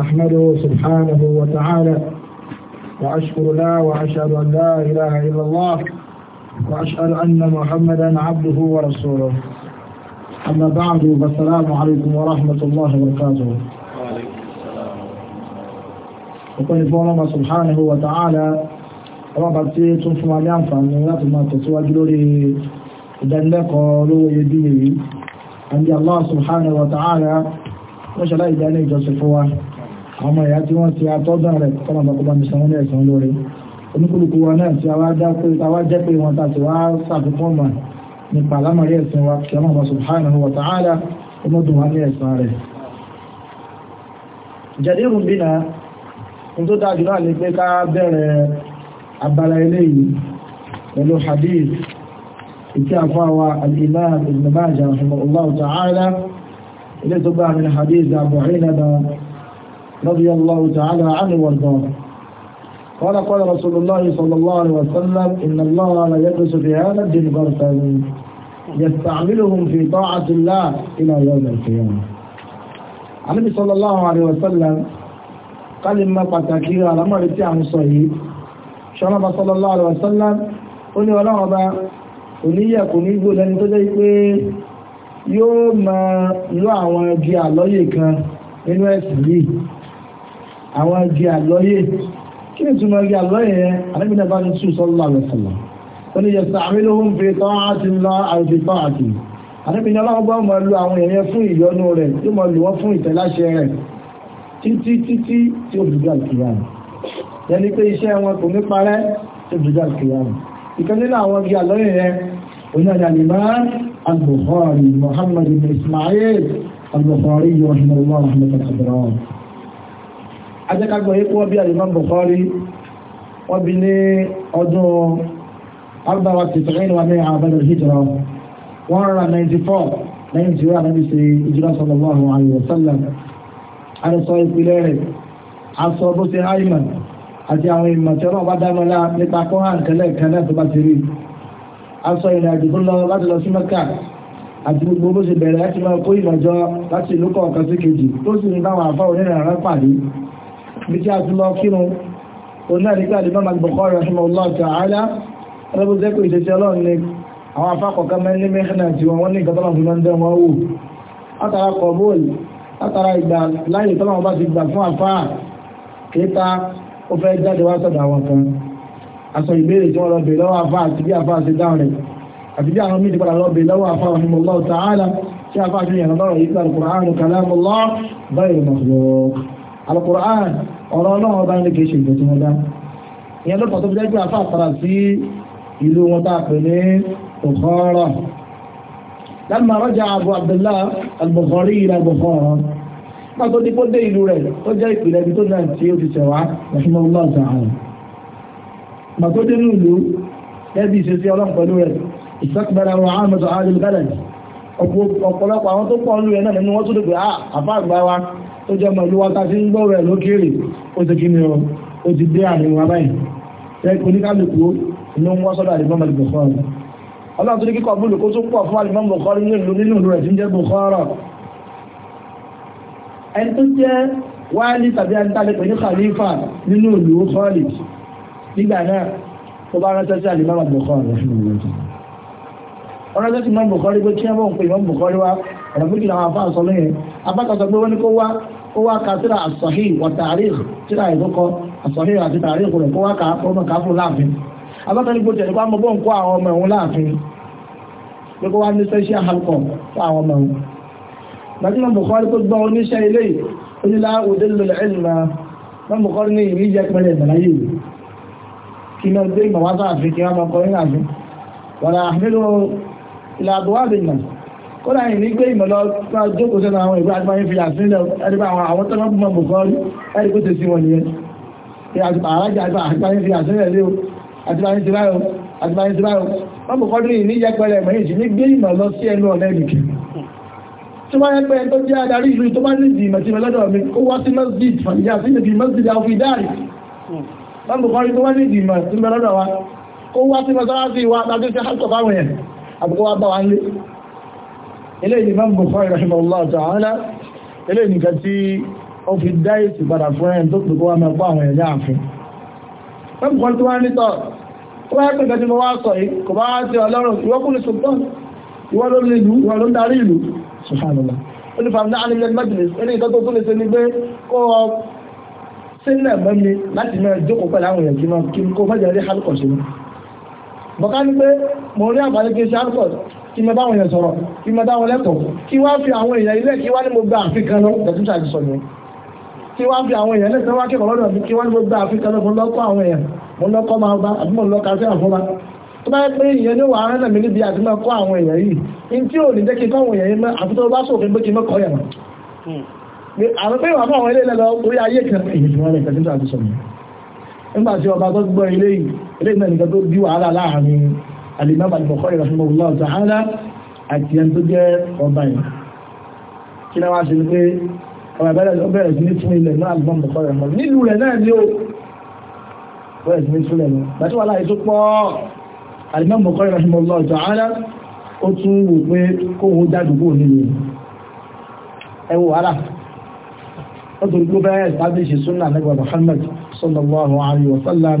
أحمده سبحانه وتعالى وأشكر لا وأشهد أن لا إله إلا الله وأشهد أن محمدا عبده ورسوله أما بعد فالسلام عليكم ورحمة الله وبركاته وعليكم السلام ورحمة الله سبحانه وتعالى ربا تي تنفو ينفع من لا تما تتواجد لي دلقوا لو يديني عند الله سبحانه وتعالى وشلا إداني جوسفوه ọmọ ìyá tí wọ́n ti atọ́dún rẹ̀ kọ́nà bàbá mi sanwó ní ẹ̀sán lórí oníkúlùkù wa náà tí a wá dá pé ta wá jẹ́ pé wọn ta ti wá sàfikún mà nípa alámọ̀rí ẹ̀sìn wa kí ọmọ ọmọ subhanahu wa ta'ala ọmọdún wa ní ẹ̀sán rẹ̀ jẹ́dẹ́rù bínà ní tó dájú náà ní pé ká bẹ̀rẹ̀ abala eléyìí pẹ̀lú hadith ìtí àfáwà al-imam رضي الله تعالى عنه وارضاه قال قال رسول الله صلى الله عليه وسلم إن الله لا يدرس في هذا الدين غرفا يستعملهم في طاعة الله إلى يوم القيامة النبي صلى الله عليه وسلم قال ما pàtàkì على ما رتي عن صحيح شرب صلى الله عليه وسلم ó ولا ọlọ́run ọba oníyẹ̀ kò ní gbò lẹ́ni tó jẹ́ pé yóò máa lọ àwọn ẹbí àwọn igi àlọ́yè kí ni túmọ̀ igi àlọ́yè yẹn àlẹ́bí náà bá ní tù sọ́lá rẹ̀ sọ̀lá wọ́n ní yẹ sàmìlóhùn fi tán àti ńlá àti tán àti àlẹ́bí náà láwọn bá máa الله àwọn èèyàn fún ìyọnu rẹ̀ yóò máa lù wọ́n fún ìtẹ̀láṣẹ rẹ̀ títí títí tí ó dùgbà kìyàmù yẹni pé iṣẹ́ wọn kò ní parẹ́ tó dùgbà kìyàmù ìkan nínú àwọn igi àlọ́yè yẹn onídàlímọ́ al-Bukhari Muhammad ibn Ismail al-Bukhari yóò rahmatulah rahmatulah ajẹ́kagbọ́ yí wọ́n bí Imam Bukhari wọ́n bí ní ọdún arbawa tìtìrín wa ní àbẹ̀rẹ̀ hijira wọ́n 94 lẹ́yìn tí ó ànábì sí ìjírá sallallahu alaihi wasallam àrẹsọ ìpìlẹ̀ rẹ̀ aṣọ bó ṣe àìmọ̀ àti àwọn ìmọ̀ tí ọlọ́run bá dáná lá nípa kó hàn kẹlẹ̀ kan náà tó bá ti rí aṣọ ìrìn àjò tó lọ láti lọ sí àti gbogbo bó ṣe bẹ̀rẹ̀ láti máa kó ìmọ̀jọ láti ìlú kọ̀ọ̀kan sí kejì tó sì ní báwọn àfáwọn onírànlá pàdé bí tí a ti lọ kírun òun náà nígbà lè máa Bukhari rahimahullah ta'ala ọlọ́bù jẹ́ pé ìṣẹ̀ṣẹ̀ ọlọ́run ni àwọn afákọ̀ọ́kọ́ mẹ́rin mẹ́rin àti wọn ní ìgbà tọ́lọ̀ fi máa ń dẹ́ wọn wò látara kọ̀bọ́ọ̀lù látara ìgbà láyé tọ́lọ̀ bá ti gbà fún àfáà kéta ó fẹ́ jáde wá sọ̀dọ̀ àwọn kan aṣọ ìbéèrè tí wọ́n lọ lọ́wọ́ afáà àti bí afáà ṣe dáhùn rẹ̀ àti bí àwọn míì padà lọ lọ́wọ́ afáà alukur'an ọ̀rọ̀ ọlọ́run ọba ní kìí ṣe ìjọ tí wọ́n dá ìyẹn ló pàtó jẹ́ pé afá àpàrà sí ìlú wọn tá a pè ní Bukhara lamma raja Abu Abdullah al-Bukhari ila Bukhara pàtó ní kó dé ìlú rẹ̀ ó jẹ́ ìpìlẹ̀ ibi tó náà tí ó ti tẹ̀wá rahimahullah ta'ala pàtó dé ní ìlú ẹbí ìṣesí ọlọ́run pẹ̀lú rẹ̀ ìsọ́kùnbẹ̀rẹ̀ àwọn àmọ̀tò àdìl ọ̀pọ̀lọpọ̀ àwọn tó pọ̀ ń lu ẹ̀ náà nínú wọ́n tó dùgbò tó jẹ́ ọmọ ìlú wa ta sí ń gbọ́rọ̀ ẹ̀ lókèrè ó ti kíni ọ ó ti dé àárín wa báyìí jẹ́ pé oníkálukú ló ń wọ́ sọ́dọ̀ àdìmọ́ mọ̀lì Bukhari ọlọ́run tó ní kíkọ́ búlù kó tó pọ̀ fún àdìmọ́ Bukhari nílùú nínú rẹ̀ tí ń jẹ́ Bukhari ẹni tó jẹ́ wáálí tàbí àtàlẹ́ pẹ̀lú khalifa nínú ìlú Khalid ọ̀nà méjì làwọn afá sọ lẹ́yìn abákan sọ pé wọ́n ní kó wá ó wá ka síra àsọ̀hí wà tàríkì síra ìdókọ àsọ̀hí àti tàríkì rẹ̀ kó wá ka ọmọ ká fún láàfin abákan nígbò tẹ̀lé wá mọ bó ń kó àwọn ọmọ ẹ̀hún láàfin pé kó wá ní sẹ́ṣẹ́ halkọ̀ fún àwọn ọmọ ẹ̀hún gbajúmọ̀ Bukhari tó gbọ́ oníṣẹ́ ilé onílá òdèlò ẹ̀lùmá wọ́n Bukhari ní ìrí jẹ́ pẹ̀lẹ̀ ìbàláyé ìwé kí náà gbé ìmọ̀wá sáàfin kí wọ́n mọ̀ kọrin àfin wọ́n kódà yìí ní pé ìmọ̀lọ́ máa jókòó sẹ́nu àwọn ìgbà àti fi àsìnlẹ̀ ẹni pé àwọn àwọn tọ́lá mọ̀ bùkọ́rí ẹni pé tẹ̀sí wọn nìyẹn àrájà àti fi àsìnlẹ̀ lé o àti máa ń ti báyọ̀ àti máa ń ti báyọ̀ wọ́n bùkọ́rí yìí ní yẹpẹrẹ ẹ̀mọ́ yìí ní gbé ìmọ̀lọ́ sí ẹnu ọ̀nà ẹ̀mìkì tó bá yẹpẹ tó jẹ́ adarí ìlú tó bá ní ìdí ìmọ̀ tí mo lọ́dọ̀ mi kó wá sí masjid fàníyà sí ibi masjid àwọn fi dáàrí wọ́n bùkọ́rí tó bá ní ìdí tí mo lọ́dọ̀ wa kó wá sí mọ́sálásí wa láti fi hàkọ̀ fáwọn yẹn àbúkọ́ wa bá eléyìí Imam Bukhari rahimahullah ta'ala eléyìí nìkan tí ó fi dá èsì padà fún ẹni tó pè kó wá mẹ́pọ̀ àwọn ẹ̀yà àfin Imam Bukhari tó wá nítọ̀ tó wá pẹ̀lú tí mo wá sọ yìí kò bá ti ọlọ́run ìwọ́kùnrin sultan ìwọ́ ló ní ìlú ìwọ́ ló ń darí ìlú subhanallah ó ní fàmílà alilẹ̀ majlis eléyìí tó tó lè ṣe ni pé kó sílẹ̀ mẹ́mi láti mẹ́rin jókòó pẹ̀lú àwọn èèyàn kí máa kí kó fẹ́jẹ̀ rí halkọ̀ sí mi. bọ̀ká ní pé mo rí àbálẹ́ kí n ṣe halkọ̀ kí mo báwọn èèyàn sọ̀rọ̀ kí mo dáwọn lẹ́kọ̀ọ́ kí wá fi àwọn èèyàn ilé kí wá ní mo gba àfikàn lọ tẹ̀tún ṣàjì sọ yẹn kí wá fi àwọn èèyàn lẹ́sẹ̀ wá kẹ́kọ̀ọ́ lọ́dọ̀ mi kí wá ní mo gba àfikàn lọ mo lọ́kọ́ àwọn èèyàn mo lọ́kọ́ máa bá àbí mo lọ́ka sí àfọ́bá tó bá yẹ pé ìyẹn ní wàá rẹ́nà mi níbi àti máa kọ́ àwọn èèyàn yìí in tí alimam al-bukhari rahimahullah ta'ala àti ẹni tó jẹ́ ọba yìí kí náà wá ṣe pé ọba ìbẹ̀rẹ̀ ló bẹ̀rẹ̀ sí ní tún ilẹ̀ náà alimam al-bukhari rahimahullah nílùú rẹ̀ náà ni ó bẹ̀rẹ̀ sí ní tún ilẹ̀ náà ẹwọ ara ó tó gbó bẹ́ẹ̀ sábẹ́ ṣe súnà nígbà Muhammad sallallahu alaihi wa sallam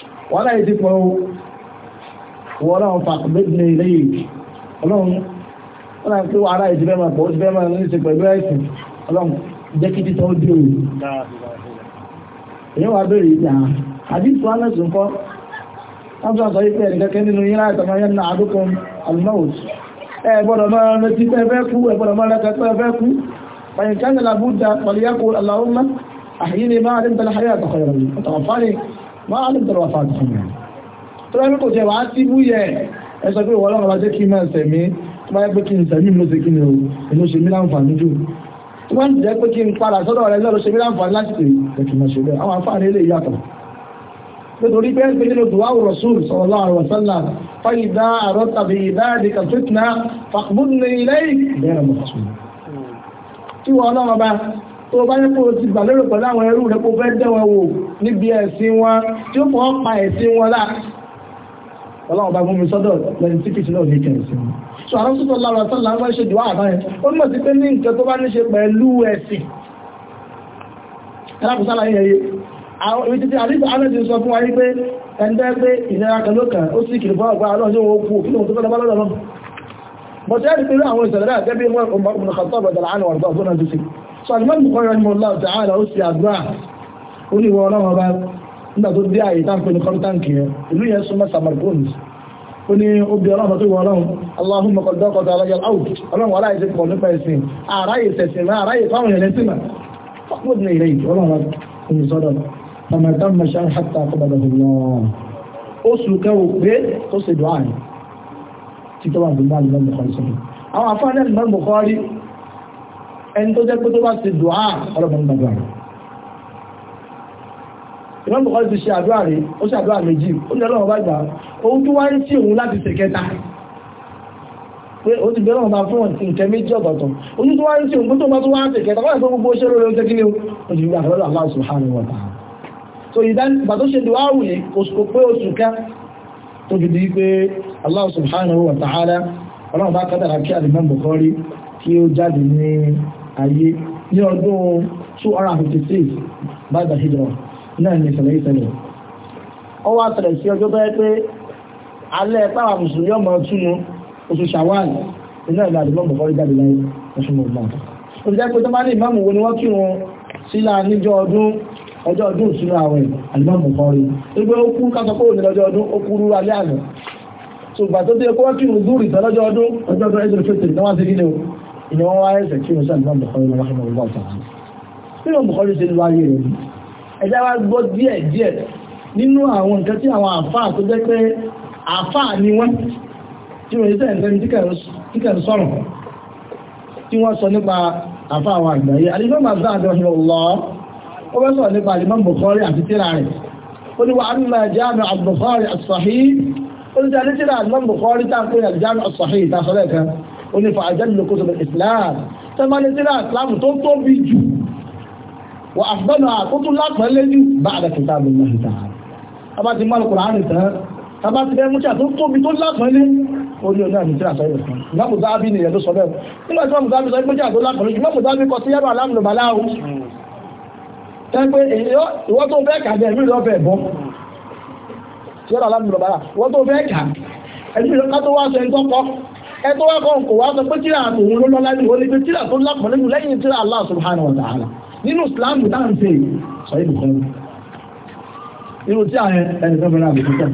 wọ́n láyé ti pọ̀ wọ́n láwọn fàkùnbẹ́gbẹ̀ ilé yìí ọlọ́run wọ́n láyé pé ara ìdí bẹ́ẹ̀ máa pọ̀ ó ti bẹ́ẹ̀ máa ní ṣe pẹ̀lú ẹ̀sìn ọlọ́run jẹ́ kí títọ́ ó dé òun. èyí wàá bèrè ìjà àdìsù alẹ́sùn kọ́ wọ́n tún àṣọ ìpẹ́ ẹ̀nìkẹ́kẹ́ nínú yín láì tọ́mọ yẹn náà àdókùn almaut ẹ gbọ́dọ̀ máa retí pé ẹfẹ́ kú ẹ máa ní ìtọ̀rọ̀ àfàdì fún mi tó bá yẹ kò jẹ́ wàá sí búyẹ̀ ẹ sọ pé ìwọ́lọ́wọ́ bá jẹ́ kí máa sẹ̀mí tó bá yẹ pé kí n sẹ̀mí mo ṣe kí ni o èmi ṣe mí láǹfààní jù tó bá ń jẹ́ pé kí n padà sọ́dọ̀ rẹ lọ́rọ̀ ṣe mí láǹfààní láti pè tó bá yẹ kó o ti gbà lérò pẹ̀lú àwọn ẹrú rẹ kó fẹ́ dẹ́wọ̀n wò níbi ẹ̀sìn wọn tí ó fọ́ pa ẹ̀sìn wọn lá ọlọ́run bá gún sọ́dọ̀ lẹ́yìn tí kìtì náà ní kẹ̀sìn so àwọn sọ́tọ̀ lára sọ́dọ̀ lára ṣe dùn àbá yẹn ó mọ̀ sí pé ní nǹkan tó bá ní ṣe pẹ̀lú ẹ̀sìn alákùsálà yẹn yẹ àwọn ibi títí àdìsí alẹ́sì sọ fún wa yí pé ẹ̀ńdẹ́ pé ìlera kan ló kàn ó sì kìlì fún àgbà ọlọ́run yóò kú kí lóun tó fẹ́ lọ́wọ́ lọ́wọ́ bọ̀tẹ́ ẹ̀rí pé àwọn ìṣẹ̀lẹ̀ gẹ́gẹ́ bí wọ́n ọmọ ọmọ so alimọ́ni kọ́ yọ ọmọ ọlọ́ọ̀tà ààrẹ ó sì àdúrà ó ní ìwọ ọlọ́wọ́ bá nígbà tó dé àyè tá à ń pè ní kọ́ńtáǹkì yẹn ìlú yẹn súnmọ́ samarkund ó ní obì ọlọ́wọ́ tó wọ ọlọ́wọ́ aláhùn mọ̀kọ́dọ́kọ̀tà alájà áwùt ọlọ́wọ́ aláyè ti pọ̀ nípa ẹ̀sìn àráyè tẹ̀sìn náà àráyè fáwọn yẹn lẹ́sìn náà fọ́pọ̀ ní ilé ìjọ ọlọ́wọ́ kò ẹni tó jẹ́ pé tó bá ti dùn áà ọlọ́run gbàgbà rẹ̀. ìwọ́n bùkọ́ ti ṣe àdúrà rẹ̀ ó ṣe àdúrà méjì ó ní ọlọ́run bá gbà òun tó wá ń sí òun láti ṣe kẹta pé ó ti bẹ̀rẹ̀ ọ̀nà fún nǹkan méjì ọ̀tọ̀ọ̀tọ̀ ojú tó wá ń ṣe òun tó bá tó wá ń ṣe kẹta wọ́n yẹ kó gbogbo ṣe lórí oúnjẹ kí ni ó ti rí àfẹ́lẹ́ Allah subhanahu wa ta'ala so ìgbà tó ṣe dùwáwù yìí kò pé oṣù kan tó fi di pé Allah subhanahu wa ta'ala ọlọ́run bá kádàrà kí àdìmọ́ Bukhari kí ó jáde ní ayé ní ọdún 256 bàbá hijra náà ní ìṣẹ̀lẹ̀ ìṣẹ̀lẹ̀ ó wá ṣẹlẹ̀ sí ọjọ́ bẹ́ẹ̀ pé alẹ́ táwa mùsùlùmí ọmọ túnú oṣù ṣàwàl iná ìlú àdúgbò bọ̀kọ́rí jáde láyé oṣù mọ̀gbọ́n ó jẹ́ pé tó bá ní ìmáàmù wo ni wọ́n kí wọn sílá níjọ́ ọdún ọjọ́ ọdún ìṣúná àwẹ̀ àdúgbò bọ̀kọ́rí wípé ó kú kásọ pé òní lọ́jọ́ ọdún ó kúrú alẹ́ àná ṣùgbà tó dé kó wọ́n kí dúrì tán ọdún ọjọ́ ọdún ẹ̀jẹ̀ fẹ́tẹ̀ ni wọ́n wáyé ṣe tí ó sàn náà bọ̀kọ́ ìlú ọlọ́pàá ọgbà ọ̀tà wọn nínú bọ̀kọ́ ló ṣe ní wáyé rẹ̀ ni ẹjá wá gbọ́ díẹ̀ díẹ̀ nínú àwọn nǹkan tí àwọn àfáà tó jẹ́ pé àfáà ni wọ́n tí wọ́n ṣe ẹ̀ńtẹ́ni tí kẹ̀ ń sọ̀rọ̀ tí wọ́n sọ nípa àfáà àwọn àgbáyé alimọ́mù àgbà àdọ́hìn ọlọ́ ó fẹ́ sọ̀rọ̀ nípa alimọ́mù bọ̀kọ́rí àti tíra rẹ̀ ó ní wa amma jáàmù àbùkọ́rí àsàhí ó ní ti àdé tíra alimọ́mù bọ̀kọ́rí tá a pè onífà àjẹ́lẹ̀ kó sọ̀rọ̀ islam tẹ́mọ́lẹ́ tíra islam tó tóbi jù wà àfẹ́nà àkótó lápẹ́lẹ́ jù bá àdàkìtà ló náà ta tábà ti mọ́lù kùrán rìn tán tábà ti bẹ́ẹ̀ mú tíra tó tóbi tó lápẹ́lẹ́ orí ọ̀nà àmì tíra sọ́yọ̀ kan ìmọ̀mù zábí ni ìyẹn tó sọ bẹ́ẹ̀ nígbà tí mọ̀mù zábí sọ pé tíra tó lápẹ́lẹ́ ìmọ̀mù zábí kọ sí yẹ́rọ alámùlùbáláwù tẹ́gbẹ́ kà bẹ́ẹ̀ mí tó fẹ́ kà ẹ̀mí lọ́ ẹ̀tọ́ wá kan kò wá sọ pé tíra àtòun ló lọ́lá ní olè pé tíra tó lápọ̀ lẹ́yìn lẹ́yìn tíra Allah subhanahu wa ta'ala nínú Islam tá ń pè sọ ibù kan nínú tí àwọn ẹni tó fẹ́ràn àbùkù tẹ̀.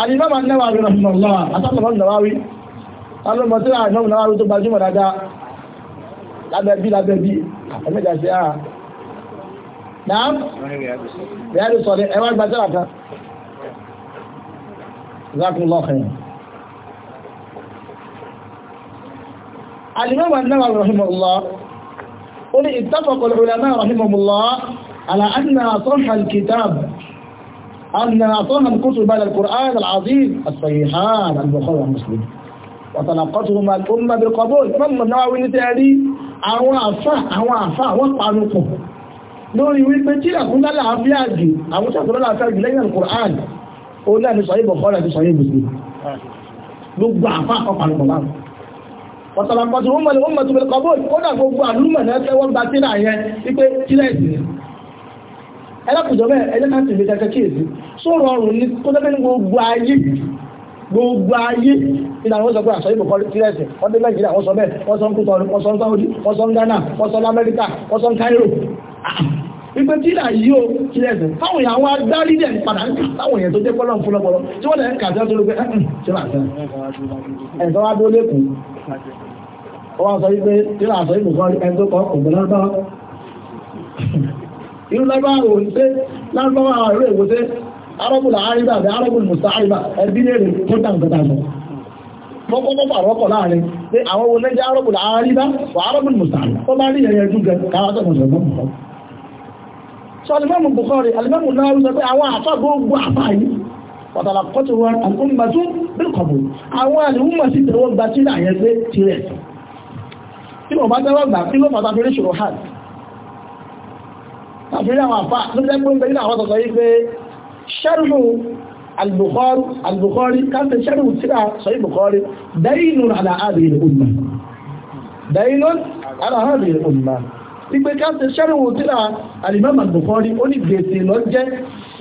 àdìmọ́ máa ń lẹ́wà rẹ̀ fún ọ̀la àtàkùnmọ́ nàwáwí alọ́mọ tíra àìmọ́ nàwáwí tó gbajúmọ̀ dáadáa lábẹ́bí lábẹ́bí ẹ̀mẹ́jà sí àà náà rẹ̀ sọ̀rọ̀ ẹ̀wà gbajúmọ̀ kan. الإمام النووي رحمه الله قل اتفق العلماء رحمهم الله على أن أصح الكتاب أن أصح الكتب على القرآن العظيم الصحيحان البخاري ومسلم وتلقتهما الأمة بالقبول من النووي نتعلي àwọn àfà àwọn àfà wọ́n panupọ̀ lórí wípé tí àkúndá láàáfíà jù àwọn tí àkúndá láàáfíà jù lẹ́yìn al-Qur'an ó láàrin sọ ìbọ̀kọ́ láti sọ ìbùsùn gbogbo àfà ọ̀pàlùpọ̀ láàrín wọ̀tọ̀lọ̀pọ̀tù wọ́n mọ̀lẹ̀ wọ́n mọ̀tù pẹ̀lú kọbọ̀ kódà gbogbo àlúmọ̀ náà tẹ́wọ́ gba sí náà yẹn wípé gbogbo wọ́n wípé tí ìlà yìí ó kí lẹ́sẹ̀ táwọn èèyàn àwọn agbárí dẹ̀ padà ń kà táwọn èèyàn tó jẹ́ pọ́lọ́ fúnlọ́pọ́lọ́ tí wọ́n lẹ̀ ń kà sí ọdún lópe ẹ̀hún tí wọ́n àtẹ́ ẹ̀ tó wá dó lẹ́kùn ó wá sọ wípé tí wọ́n àsọ ìbùkọ́ ẹni tó kọ́ ọ̀gbọ̀n lọ́dọ́ irú lágbára wò ń pé lágbára àárẹ̀ wò pé arọ́bùlà àríbà àti arọ́bùlà mùsà àríbà ẹbí lèrè tó dàgbàdà lọ mọ́kọ́mọ́kọ́ àrọ́kọ̀ láàrin pé àwọn wo arọ́bùlà àríbà wà arọ́bùlà mùsà àríbà tó bá rí ẹ̀yẹ sọ alimọ́mù Bukhari alimọ́mù náà sọ pé àwọn àfà gbogbo àfà yìí pàtàlà kọ́tù wọn àkúmbàtú bí kọ̀bù àwọn àlùmọ̀ sí tẹ̀wọ́ gba tí náà yẹn gbé tirẹ̀ tí wọ́n bá tẹ́wọ́ gbà kí ló fàtà fi ríṣòro hàn àfihàn àwọn àfà ló ala hadhihi al-umma daynun ala hadhihi al-umma wípé ká ṣe ṣẹ́rìnwó tíra Al-Imam Bukhari ó ní gbèsè lọ́jẹ́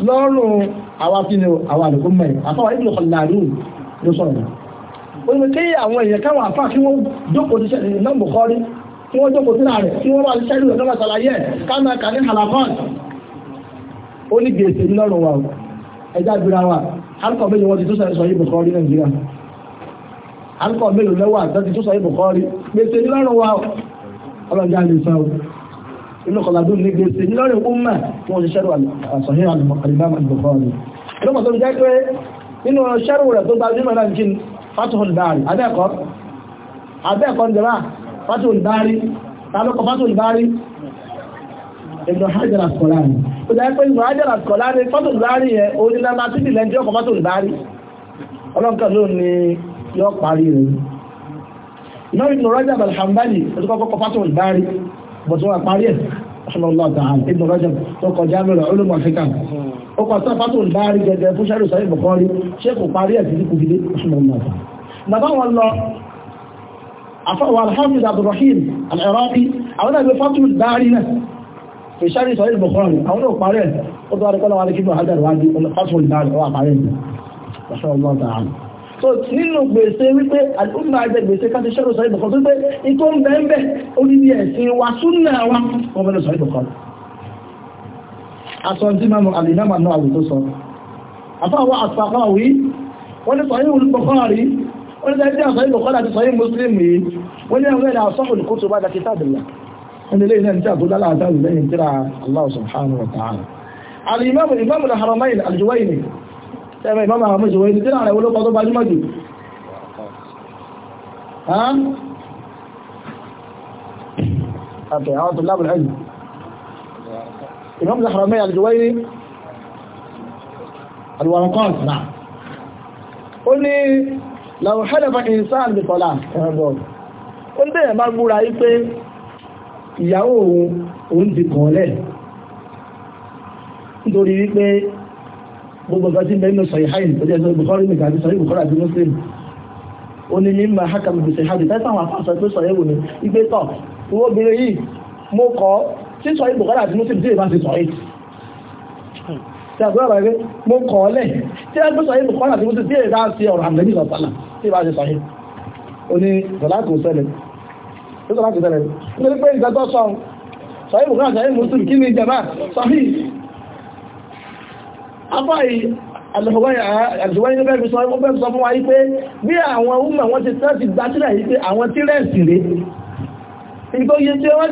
lọ́rùn àwa kíni àwa àlùkò mọ̀ ẹ̀ àfọwọ́ ìlú ọ̀làrú ló sọ̀rọ̀ náà. ó ní kí àwọn èèyàn káwọn àfáà kí wọ́n jókòó ti ṣẹ́rìn Imam Bukhari kí wọ́n jókòó tíra rẹ̀ kí wọ́n wá ti ṣẹ́rìn ọ̀dọ́ ṣàlàyé ẹ̀ káná kàní halafan ó ní gbèsè lọ́rùn wa ẹja gbéra wa alukọ̀ méjì wọ́n ti tó sọ Bukhari Nàìjíríà alukọ̀ méjì wa ọlọ́jà lè sọ inú kọ̀ládún ní gbèsè ní lọ́rẹ̀ umma fún òṣìṣẹ́ àṣàhìn al-Imam al-Bukhari ìlúmọ̀ tó jẹ́ pé nínú ṣẹ́rù rẹ̀ tó gbajúmọ̀ náà jí Fathul Bari abẹ́ẹ̀kọ́ abẹ́ẹ̀kọ́ jẹ́rà Fathul Bari tàbíkọ̀ Fathul Bari Ibn Hajar al-Asqalani ó jẹ́ pé Ibn Hajar al-Asqalani Fathul Bari yẹ onílẹ́mà tí ìlẹ̀ jẹ́ ọkọ̀ Fathul bọ̀tún wa parí ẹ̀ ṣọlọ́lá ta'ala ibn rajab tó kọjá lọ́rọ̀ olùmọ̀ fíkà ó kọ̀ sáfà tó ń bá rí gẹ́gẹ́ fún sẹ́rù sọ́yìn bọ̀kọ́rí ṣé kò parí ẹ̀ sí ní kùbílé ṣọlọ́lá ta'ala bàbá wọn lọ afọwọ́ alhamid abdulrahim al-iraqi àwọn ẹgbẹ́ fatul so nínú gbèsè wípé àdúgbò àjẹ gbèsè káti ṣẹ́rù sọ ìbùkọ́ tó pé ikú ń bẹ́ẹ̀ bẹ́ẹ̀ ó ní bí ẹ̀sìn wa súnà wa wọ́n bẹ́ẹ̀ sọ ìbùkọ́ aṣọ tí máa mọ àlìyàmà náà àwùjọ sọ àfáwọ́ àtàkọ́ wí wọ́n ní sọ yìí olùkọ́kọ́ rí wọ́n ní sọ yìí olùkọ́ àti sọ yìí mùsùlùmí yìí wọ́n ní àwọn ẹ̀dà sọ́kùn kó tó bá dàkí sábìlà wọ́n ní lẹ́yìn tí àbúdá láàtà lẹ́yìn tíra Allah subhanahu wa ta'ala al-imam imam al-haramain al-juwayni tẹ́mẹ̀ ìmọ́mà àwọn ìṣòwò ìdí náà rẹ̀ olókọ tó gbajúmọ̀ jù ọ̀pẹ̀ àwọn tó lábùl ẹ̀yìn ìmọ́mà Al-Haramayn Al-Juwayni Al-Warqat náà ó ní law halafa insan bi talaq ẹ̀rọ gbúra yí pé ìyàwó òun ti kọ̀ọ́lẹ̀ nítorí wípé gbogbo nǹkan bẹ nínú Sahihain tó jẹ́ sọ́yí Bukhari nìkan àti sọ́yí àti Muslim ó ní ní ma hákàmù bí Sahihain tẹ́sí àwọn afáàsọ tó sọ yẹ́wò ní ipé tọ̀ owó obìnrin yìí mo kọ́ tí sọ́yí Bukhari àti Muslim tí ìbá ti sọ tí a gbọ́ ọ̀rọ̀ ẹgbẹ́ mo kọ́ lẹ̀ tí a gbọ́ sọ́yí Bukhari àti Muslim tí ìbá ti ọ̀rọ̀ àmì nígbà sọ́lá tí ìbá ti sọ afáyí àlùsọ̀wáyí ní bẹ́ẹ̀bí sọ fún wa yí pé bí àwọn ọmọ wọn ti tẹ́ẹ̀sì gbásílẹ̀ yí pé àwọn tí rẹ̀sì rẹ̀ nígbó yí tí wọ́n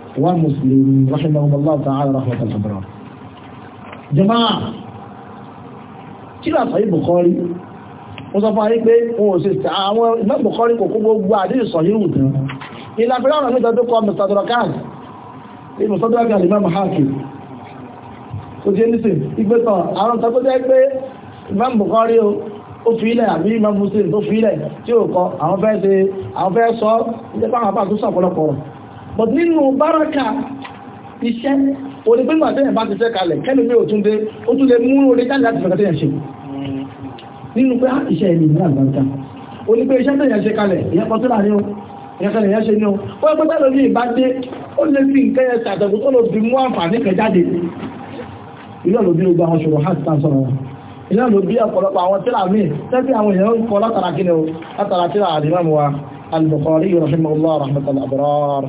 ومسلم رحمهم الله تعالى رحمة الأبرار جماعة kílá sọ ìbùkọ́rí ó sọ fún àrípé ohun òsìsì àwọn ìmọ̀bùkọ́rí kò kó gbogbo àdíjì sọ yíò tán ilá fẹ́ láwọn mẹ́ta tó kọ mẹ́sàdọ̀rọ̀kán ìmọ̀sọ́dọ̀rọ̀kán ìmọ̀ mahaki tó jẹ́ nísìn ìgbẹ́tàn àwọn tàbí jẹ́ pé ìmọ̀bùkọ́rí ó fi ilẹ̀ àbí ìmọ̀ muslim tó fi ilẹ̀ tí ó kọ àwọn fẹ́ sọ ìjẹ́pá àwọn àpá tó sọ̀pọ̀lọpọ̀ but nínú báràkà iṣẹ́ onígbẹ́gbà tẹ́yẹ̀ bá ti fẹ́ kalẹ̀ kẹ́lù mí ò tún dé ó tún lè mú orí jáde láti fẹ́ tẹ́yẹ̀ ṣe nínú pé ah, iṣẹ́ ẹni ní àgbàríkà onígbẹ́ iṣẹ́ tẹ́yẹ̀ ṣe kalẹ̀ ìyẹn pọ̀ tó láàrin o ìyẹn kẹlẹ̀ ìyẹn ṣe ní o ó yẹ pẹ́pẹ́ lórí ìbádé ó lè fi nǹkan yẹn ṣàtẹ̀kù tó lò fi mú àǹfààní kan jáde ilé ọ̀lọ́ bí gbogbo ọ̀pọ̀lọpọ̀ àwọn tíra míì tẹ́bí àwọn èèyàn ń kọ kí ni o látara tíra àdìmọ́ wa al-Bukhari rahimahullah rahmatul abrar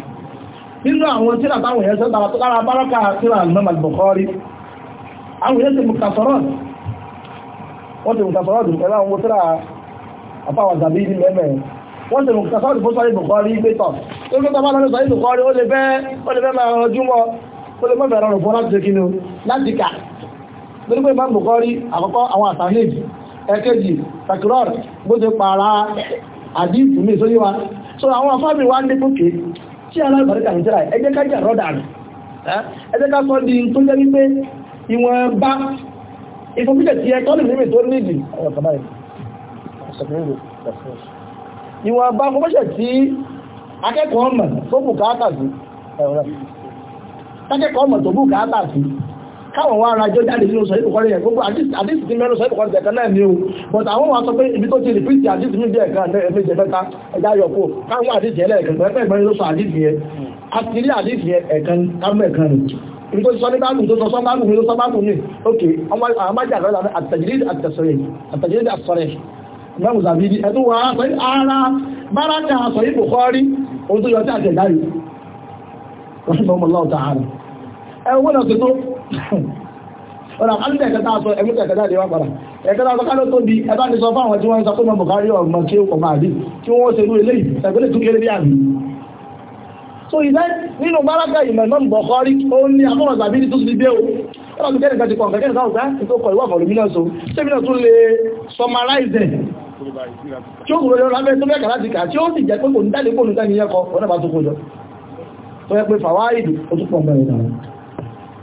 nínú àwọn tíra táwọn èèyàn sọ́tara tó kára bárọ́kà tíra Imam al-Bukhari àwọn èèyàn ti mùkàsọ́rọ̀ wọ́n ti mùkàsọ́rọ̀ dùn pẹ̀lú àwọn tíra àpáwà tàbí ní mẹ́mẹ́ wọ́n ti mùkàsọ́rọ̀ dùn sọ́rí Bukhari gbẹ́tọ̀ tó gbẹ́tọ̀ bá lọ́nà sọ́rí Bukhari ó lè fẹ́ máa rọjúmọ́ ó lè mọ́bẹ̀rẹ̀ rọ̀ fún láti kínú láti kà lórí pé Imam Bukhari àkọ́kọ́ àwọn àtàlẹ́ ẹ̀kẹ́jì so àwọn afábì ní bókè tí alábàríkà ní tíra ẹ jẹ́ ká jẹ́ rọ́dà rẹ̀ ẹ jẹ́ ká sọ di tó jẹ́ wípé ìwọ̀n bá ìfòkútẹ̀ tí ẹ tọ́ lè níbi tó nídìí ìwọ̀n bá fọ́mọ́ṣẹ̀ tí akẹ́kọ̀ọ́ mọ̀ tó bùkátà sí káwọn wá ara jọ jáde nínú sọ ìbùkọ́rí ẹ̀ gbogbo àdísì tí mẹ́rin sọ ìbùkọ́rí ẹ̀kan náà ni o but àwọn wa sọ pé ibi tó ti rìpítì àdísì mi díẹ̀ kan ẹ̀mẹ́jẹ mẹ́ta ẹ̀dá yọ̀pọ̀ káwọn àdísì ẹ̀ lẹ́ẹ̀kan pẹ̀lú ẹ̀gbọ́n ló sọ àdísì yẹn a ti rí àdísì yẹn ẹ̀kan kámẹ́ ẹ̀kan ni ibi tó ti sọ ní báàgùn tó sọ sọ báàgùn mi ló sọ báàgùn mi ok àwọn àmájà rẹ̀ àtàjírídì àtàsọ̀rẹ̀ àtàjírídì àtàsọ̀rẹ̀ mẹ́mù zàbídì ẹ̀tún wà á sọ ara báràkà sọ ìbùkọ́rí ohun tó yọ sí àtẹ̀dáyì wọ́n sọ mọ́ lọ́ọ̀ta ààrẹ ẹ̀wọ́n náà tó ọ̀nà alùpẹ̀ ẹ̀kẹta sọ ẹ̀mùtẹ̀ ẹ̀kẹta lè wá padà ẹ̀kẹta sọ kálọ́ tó di ẹ̀bá ti sọ fún àwọn tí wọ́n ń sọ pé mọ̀ bùkárí ọmọ kí ó kọ̀mọ̀ àdí tí wọ́n ṣe rú eléyìí ẹ̀kẹlẹ̀ tún kéré bí àmì so ìdá nínú báraka ìmọ̀ ìmọ̀ bọ̀kọ́rí ó ní àfọ́mọ̀ tàbí tó ti dé o ẹ̀rọ ti kẹ́rìnkà ti kọ̀ǹkà kẹ́rìnkà ọ̀gá tó kọ̀ ìwọ̀ ọ̀fọ̀lù mìíràn so ṣé mìíràn tún summarize tí ó kúrò lọ lábẹ́ tó mẹ́kà láti kà tí ó sì jẹ́ pé kò ní dáadé kò ní dáadé yẹ́kọ̀ọ́ ọ̀nà bá tó kó jọ tó yẹ pé fàwáìdù ó tún pọ̀ mẹ́rin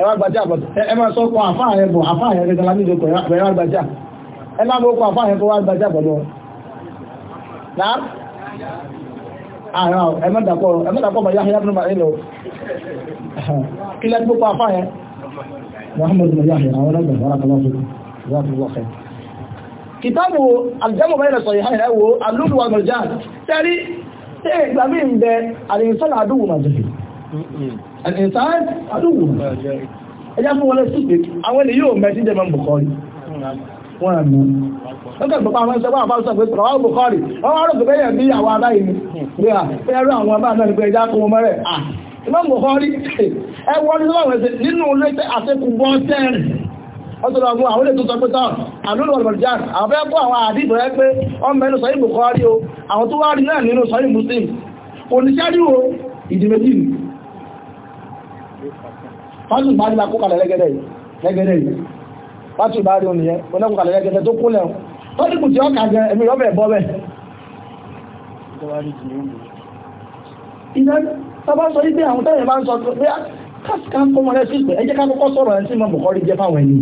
ẹwà gbajà bọ̀ ẹ máa sọ fún àfáà rẹ̀ bọ̀ àfáà rẹ̀ gẹ́gẹ́ lámì ìdókò ẹwà gbajà ẹ máa gbókò àfáà rẹ̀ kó wá gbajà bọ̀ lọ àrà ẹ̀mẹ́dàpọ̀ ọmọ yáhíyá bí ma ilẹ̀ kí lẹ́ gbogbo afá yẹn Muhammadu ma yáhíyá àwọn ẹgbẹ̀ wọ́n kọlọ́ fún ìwọ́n fẹ́ kìtàbù aljamu bẹ́rẹ̀ sọ yìí ẹwọ alúlùwà mọ̀já tẹ́rí tẹ́ ìgbàmí ń bẹ àrísọ́lá àdúgbò màjèjì ẹ̀kẹ̀ẹ́sáàrì adúgbò ẹjá fún wọlé sí pé àwọn ènìyàn yóò mẹ́sí jẹ́ mọ́ Bukhari wọ́n àmì lọ́kẹ̀ẹ́gbọ́pá àwọn ẹ̀sẹ̀ wọ́n àfáàsọ̀ pé sọ̀rọ̀ àwọn Bukhari wọ́n wọ́n rọ̀gbẹ̀ yẹ̀ bí àwọn aláìní pé à fẹ́rù àwọn abá náà nígbẹ̀ ẹjá kún mọ́rẹ̀ à Imam Bukhari ẹwọ́n ní lọ́wọ́ ẹ̀sẹ̀ nínú olé àṣekù bọ́ sẹ́rìn ọ̀sọ̀rọ̀ àwọn àwọn ilé tó sọ pé tán àlúlù ọ̀rọ̀mọ̀já àwọn ẹ̀kọ́ àwọn àdìbò ẹ pé ọmọ ẹnu sọ́yìn Bukhari o àwọn tó wá rí náà nínú sọ́yìn Muslim oníṣẹ́rí o ìdìmẹ́jì fásitì máa nílá kókàlẹ̀ lẹ́gẹ́dẹ̀ yìí lẹ́gẹ́dẹ̀ yìí fásitì bá rí o nìyẹn wọn náà kókàlẹ̀ lẹ́gẹ́dẹ̀ tó kúnlẹ̀ tọ́dìkù tí ọkà jẹ ẹ̀mí rọ́bẹ̀ bọ́ bẹ̀. ìdájọ́ tọ́bá sọ wípé àwọn tẹ́yẹ̀ bá ń sọ pé káàkà kọmọ rẹ̀ sí pé ẹ jẹ́ ká kọ́kọ́ sọ̀rọ̀ ẹ̀ sí mọ̀ bùkọ́rí jẹ́ fáwọn ẹni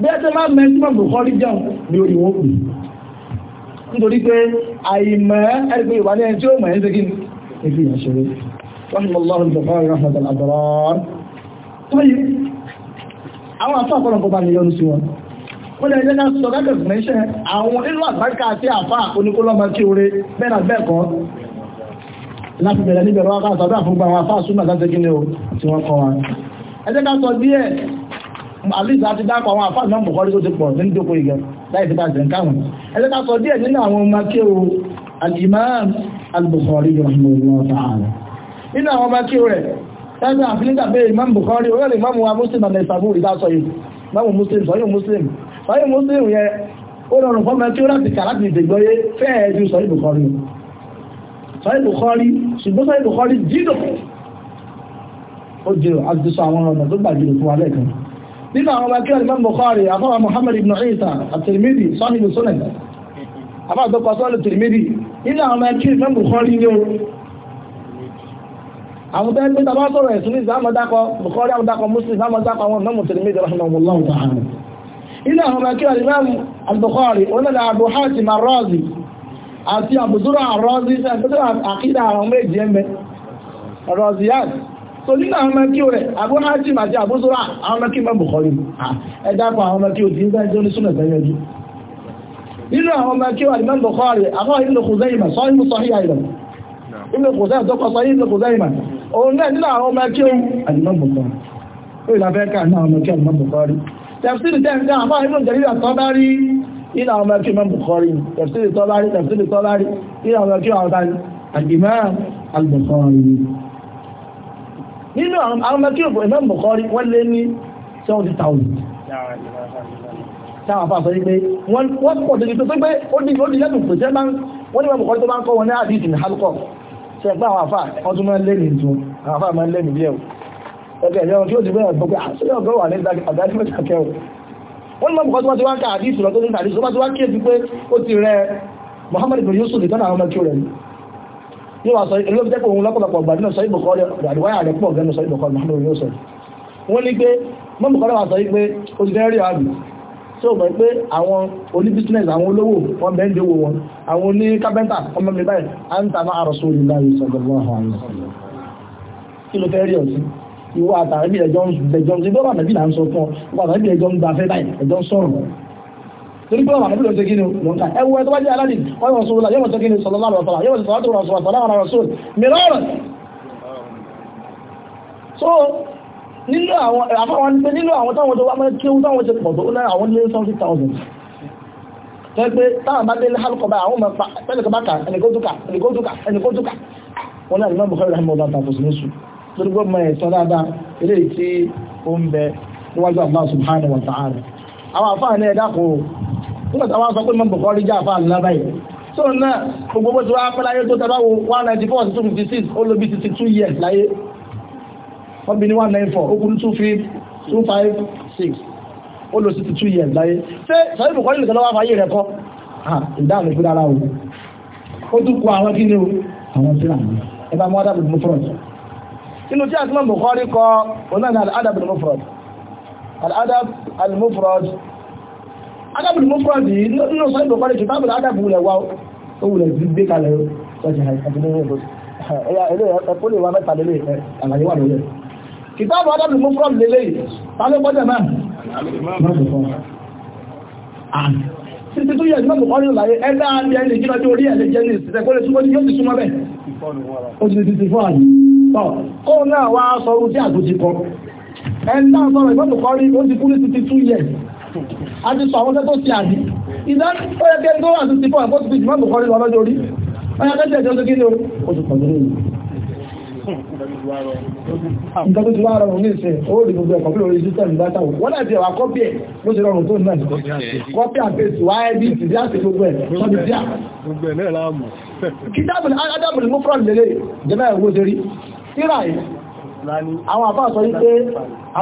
bí ẹ ti máa mẹ́ sí mọ̀ bùkọ́rí jẹun ni orí nítorí pé àìmọ̀ ẹ̀rí ìwà ní ẹni mọ̀ ẹ́ sí kí ni ìfihàn ṣeré wọ́n mọ̀ lọ́rùn tó fọ́ ìrọ̀hàn tóyí àwọn àfá ọ̀pọ̀lọpọ̀ bá lè yọnu sí wọn ó lè jẹ́ náà sọ lábẹ̀ fún iṣẹ́ àwọn ìlú àgbáríkà àti àfá oníkólọ́mọ kí oore bẹ́ẹ̀ náà bẹ́ẹ̀ kọ́ láti bẹ̀rẹ̀ níbẹ̀ wọ́n ká sọ́dọ̀ fún gbàwọn àfá súnmọ̀ láti kí ni o tí wọ́n kọ́ wọn ẹ jẹ́ ká sọ díẹ̀ àlìsà àti dápọ̀ àwọn àfá náà mọ̀kọ́rí tó ti pọ̀ ní dókò ìgẹ̀ láì fi bá jẹ́ káwọn ẹ jẹ́ ká sọ díẹ̀ nínú àwọn ọmọ kí o al-Imam al-Bukhari rahimahullah ta'ala nínú àwọn ọmọ kí o rẹ̀ ẹni àfilíkà pé imam bukhari orí imam wa muslim àmì ìsàbù ìdá sọ yìí imam muslim sọ yìí muslim sọ yìí muslim yẹ ó rọrùn fọ́mọ tí ó láti kà láti ìdègbọ́ yé fẹ́ẹ̀ ju sọ yìí bukhari sọ yìí bukhari ṣùgbọ́n sọ yìí bukhari jídò ó jẹ́ àti sọ àwọn ọ̀nà tó gbàgbé fún wa lẹ́ẹ̀kan nínú àwọn ọmọ muhammad ibn isa at-tirmidhi sọ́hìn sunan afọ́ àtọ́kọ̀ sọ́hìn at-tirmidhi nínú àwọn ọmọ akẹ́wà imam bukhari àwọn bẹ́ẹ̀ pé tàbá sọ̀rọ̀ ẹ̀sùn ní ìsìlámọ̀ dákọ̀ Bukhari àwọn dákọ̀ Muslim ìsìlámọ̀ dákọ̀ àwọn ọ̀nà mùsùlùmí méjì rahimahullahu ta'ala ilé àwọn ọmọ kíwà Imam al-Bukhari onílẹ̀ Abu Hatim ar-Razi àti Abu Zur'a ar-Razi sẹ́ńtẹ́tẹ́ àkídà àwọn méjì ẹ̀mẹ́ rọ́zíyàn so nínú àwọn ọmọ kí o rẹ̀ Abu Hatim àti Abu Zur'a àwọn ọmọ kí mọ́ Bukhari ẹ dákọ̀ àwọn ọmọ kí o ti ń sẹ́ńtẹ́ oníṣúnà sẹ́yẹ́jú nínú àwọn ọmọ Ibn Khuzaymah sọ Ibn Ibn Khuzaymah òun náà nínú àwọn ọmọ ẹkẹ́ ohun àdìmọ́bùkọ́rí ó ìlàfẹ́kà náà ọmọ ẹkẹ́ àdìmọ́bùkọ́rí tẹ̀sílì tẹ́ǹtẹ́ àmọ́ ìlú jẹ̀rí àtọ́bárí nínú àwọn ẹkẹ́ mọ́bùkọ́rí tẹ̀sílì tọ́lárí tẹ̀sílì tọ́lárí nínú àwọn ẹkẹ́ àdìmọ́bùkọ́rí wọ́n ní wọn bùkọ́rí tó bá ń kọ́ wọn ní àdìsìn halkọ́ ṣe gbá àwọn àfà ọdún máa lẹ́nìí tún àwọn àfà máa lẹ́nìí bí ẹ̀wọ̀ ẹgbẹ́ ìyẹn tí ó ti bẹ́ẹ̀ gbogbo àṣírí ọgọ́ wà ní àdájú mẹ́ta kẹwọ̀ wọ́n mọ́ bùkọ́ tí wọ́n ti wá ń ka àdísù lọ tó ní àdísù bá ti wá kíyèsí pé ó ti rẹ Muhammad Yusuf nìkan àwọn ọmọkí rẹ̀ ní wàá sọ ilé ọjọ́ pé òun lọ́pọ̀lọpọ̀ ọgbà nínú sọ ìbùkọ́ àdìwáyà rẹ̀ pọ̀ gẹ́nu sọ Muhammad Yusuf wọ́n ní pé mọ́ bùkọ́ rẹ̀ wà sọ pé ó ti rẹ́ rí tí ó mọ̀ pé àwọn oní business àwọn olówó wọn bẹ́ẹ̀ dé owó wọn àwọn oní kápẹ́ntà ọmọ mi báyìí à ń ta máa rọ̀ṣọ́ olùlá yìí sọ̀rọ̀ wọn àwọn àwọn kí ló fẹ́ rí ọ̀sìn ìwọ àtàrí bí ẹjọ́ ń bẹjọ́ ń bọ́ bàbá bí là ń sọ fún ọ bàbá bí ẹjọ́ ń gba fẹ́ báyìí ẹjọ́ ń sọ̀rọ̀ torí pé bàbá bí ló ń ṣe kí ni ló ń ka ẹ wo ẹ tó bá jẹ́ aládì wọ́n yóò sọ́wọ́lá yóò sọ kí ni sọ̀rọ̀ láàrọ̀ sọ̀rọ̀ yóò sọ̀rọ̀ tó rọ̀ sọ̀rọ̀ sọ̀rọ̀ sọ̀rọ̀ sọ̀rọ̀ nílò àwọn àfáwọn ní pé nílò àwọn táwọn tó wá mẹ́ kí ó táwọn ṣe pọ̀ tó náà àwọn lé sọ́ọ̀tì thousand tó ẹgbẹ́ táwọn bá dé hálùkọ́ bá àwọn ọmọ pẹ́lẹ̀kọ́ bá kà ẹnìkótùkà ẹnìkótùkà ẹnìkótùkà wọn náà ní mọ́bù kọ́rẹ́ mọ́ dáadáa tó sì ní subhanahu wa ta'ala àwọn àfáà ní ẹ̀dá kò nígbà táwọn sọ pé mọ́bù kọ́rẹ́ jẹ́ àfáà ńlá báyìí tó one ninety four to two fifty six ó lóbi sixty two years láyé wọ́n two, three, 194 five, six. ó lò two years láyé ṣé sọ́yìn bùkọ́ nílùú tọ́lọ́wọ́ fàyè rẹ̀ kọ́ ìdáàlù fún dára o ó tún kọ àwọn kí ni o àwọn tí àwọn ẹ bá mú adábù ní mufrod inú tí àti mọ́mù kọ́ rí kọ òun náà ní adábù ní mufrod adábù ní mufrod adábù ní mufrod yìí nínú sọ́yìn bùkọ́ rí kì tábìlì adábù wulẹ̀ wá ó wulẹ̀ gbé kalẹ̀ ó sọ́jà àti nínú ẹ̀kọ́ ẹ̀yà ẹ̀lẹ́ ẹ̀kọ́ lè wá mẹ́ta lélẹ̀ àlàyé wà lórí ẹ̀ kìtàbù adọ́bì mú fún ọ̀lẹ́lẹ́ yìí tàbí gbọ́dẹ̀ náà ah. títí tó yẹ ìmọ̀mù ọ̀rìn láyé ẹgbẹ́ àti ẹni ìjìnà tí orí ẹ̀lẹ́ jẹ́ ní ìsìnkẹ́ kó lè túnmọ́ ní yóò ti súnmọ́ bẹ́ẹ̀ ó ti ti fún àyè tọ́ ó náà wá sọ orú tí àgùjì kọ ẹni náà sọ̀rọ̀ ìmọ̀mù ọ̀rìn ó ti kú ní títí tó yẹ a ti sọ àwọn tẹ́tọ́ sí àdí ìdá ó tó wà sí ti fún àkóso ìmọ̀mù ọ̀rìn lọ́jọ́ orí ó nǹkan tó ti wá rọrùn ní ìṣẹ́ ó rí gbogbo ẹ̀kọ́ lórí sísẹ́mù dátà wọ́n láti ẹ̀wà kọ́pì ẹ̀ ló ti rọrùn tó náà kọ́pì àpèsè wá ẹbí ìtìdí àti gbogbo ẹ̀ wọ́n ti díà kìtàbùn adábùn mú fúrọ̀ lélẹ̀ jẹ́mẹ́ ẹ̀wọ́ sẹ́rí tíra yìí àwọn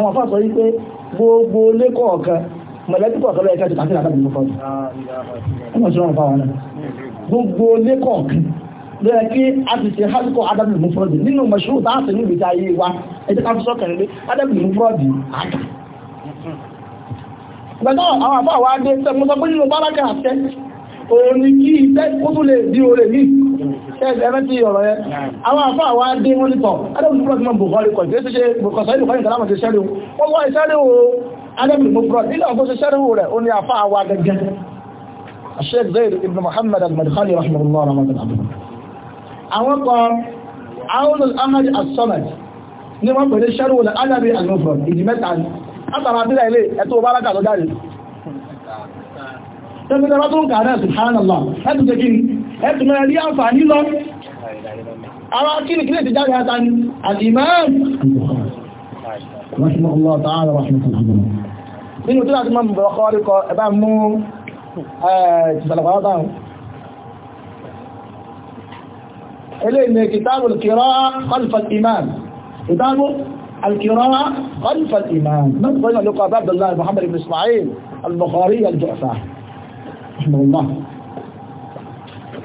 àfáà sọ wípé gbogbo lẹ́kọ̀ọ̀kan mọ̀lẹ́bí kọ̀ọ̀kan lọ́yẹ̀ kẹ́ lóyẹ kí a ti ṣe hálùkọ adamu ìmúfúrọ́dì nínú mọ̀ṣúrù tá a sì ní ìrètí ayé wa ẹjẹ́ ká fi sọ́kàn lé adamu ìmúfúrọ́dì àkà. gbẹ̀dọ̀ àwọn àfọ àwọn adé tẹ mo sọ pé nínú bárakà àtẹ òun ni kí iṣẹ́ kó tó lè di oore mi ṣe ẹgbẹ́ mẹ́tì ọ̀rọ̀ yẹn àwọn àfọ àwọn adé wọn ni tọ̀ adamu ìmúfúrọ́dì mọ̀ bùkọ́lì kọ̀ ṣe ṣe bùkọ́sọ́ ìlú kọ́yìn tàlámọ̀ ṣe ṣẹ́rí wọn wọ́n ìṣẹ́rí o adamu ìmúfúrọ́dì nílẹ̀ ọ̀gbọ́n ṣe ṣẹ́rí rẹ̀ ó الشيخ زيد بن محمد المدخلي رحمه الله رحمه الله àwọn kan àwọn ahmad as-samad ní wọ́n pẹ̀lú sharh al-adabi al-mufrad ìdí mẹ́ta ní látara bí ilé ẹ̀tọ́ bá rákà lọ́dáre tẹ́gbẹ̀tẹ́ bá tó ń kààrẹ subhanallah ẹ̀tù tẹ́kí ẹ̀tù mẹ́rin rí àǹfààní lọ ara kíni kíni ti jáde àtà ní al-imam rahimahullah ta'ala rahimahullah nínú tí láti mọ́ eléyìí kìtàbù al-qirā'a khalfa al-imām kìtàbù al-qirā'a khalfa al-imām mẹ́sàn-án ló kọ Abdullah Muhammad ibn Isma'il al-Bukhari al-Ju'fa inú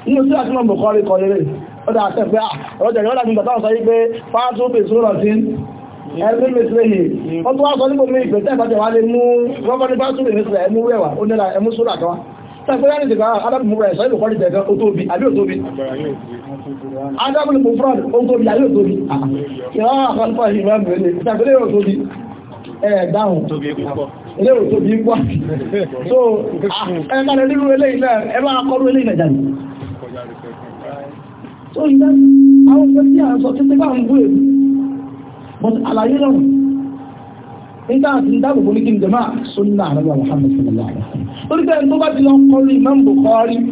sí àti mọ́ Bukhari kọ lérè ó dá àtẹ́ pé ọjọ́ ìrọ́lá ní gbàtàwọ̀ sọ wípé fáátú bí sórọ̀ sí ẹgbẹ́ mẹ́sìlẹ́yì ó tó wá sọ nígbò mí ìpẹ́ tẹ́ẹ̀bàtẹ̀ wá lè mú rọ́gọ́dí fáátú bí mẹ́sìlẹ̀ ẹmú rẹwà ó nílà ẹmú sórọ̀ àtọwá tẹ́ẹ̀fẹ́ adábùlù kò fraud ó tóbi ayé òtóbi ìwọ́n àkọ́lùpọ̀ ìwọ́n bẹ̀rẹ̀ ìtàbílẹ̀ òtóbi ẹ̀ẹ̀dáhùn ilé òtóbi pọ̀ so ẹ̀kàlẹ̀ nínú ilé ilẹ̀ ẹbá akọ́rú ilé ilẹ̀ jàdì so ilẹ̀ àwọn ọmọ tí a sọ títí bá ń gbé but àlàyé náà nígbà tí ń dáàbò bó ní kí n jẹ máa sọ nínú àrẹ́gbà Muhammad sallallahu alaihi wasallam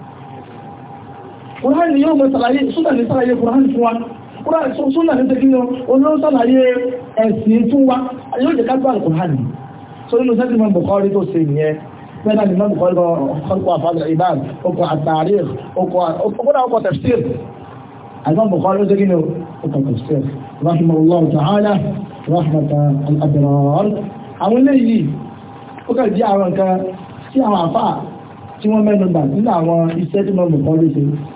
kùránì yóò mọ̀ sàlàyé súnà ní sàlàyé kùránì fún wa kùránì súnà ní tẹ́kí náà olóò sàlàyé ẹ̀sìn fún wa yóò jẹ́ kágbà kùránì so nínú sẹ́tì mọ́ Bukhari tó ṣe nìyẹn mẹ́ta ni mọ́ Bukhari kọ́ ọkọ̀ àfàlẹ̀ ìbáà ọkọ̀ àtàrí ọkọ̀ tafsir àìsàn Bukhari tó tẹ́kí náà ọkọ̀ tafsir rahimahullah ta'ala rahmatan al-abrar àwọn eléyìí ó kà jẹ́ àwọn nǹkan tí àwọn àfà tí wọ́n mẹ́nu bà nínú àwọn iṣẹ́ tí mọ́ Bukhari ṣe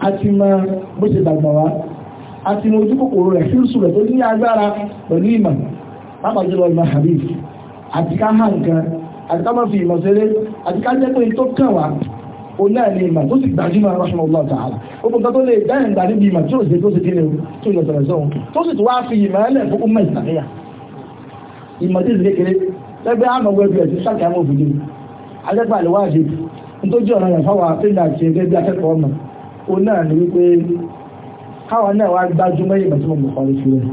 a ti mọ bó ṣe dàgbà wá a ti mọ kòkòrò rẹ̀ rẹ̀ tó ní agbára pẹ̀lú ìmọ̀ pápájúlọ ìmọ̀ habib àti ká hàn kan àti ká máa fi ìmọ̀ ṣeré àti ká jẹ́ pé tó kàn wá o náà ní ìmọ̀ tó sì gbajúmọ̀ aráṣọ ọlọ́ ó kò tó lè níbi ìmọ̀ tí ó ṣe tó ṣe tó sọ̀rọ̀ sọ́hun tó sì tó wá fi ìmọ̀ ẹlẹ̀ fún ọmọ ìsàlẹ̀yà ìmọ̀ tí ìsìlékeré lẹ́gbẹ́ àmọ̀ wẹ́bí ẹ̀sìn òfin o náà ní wípé káwọn náà wá gbájúmọ́ ìgbà tí wọ́n mọ̀ kọ́lé sí rẹ̀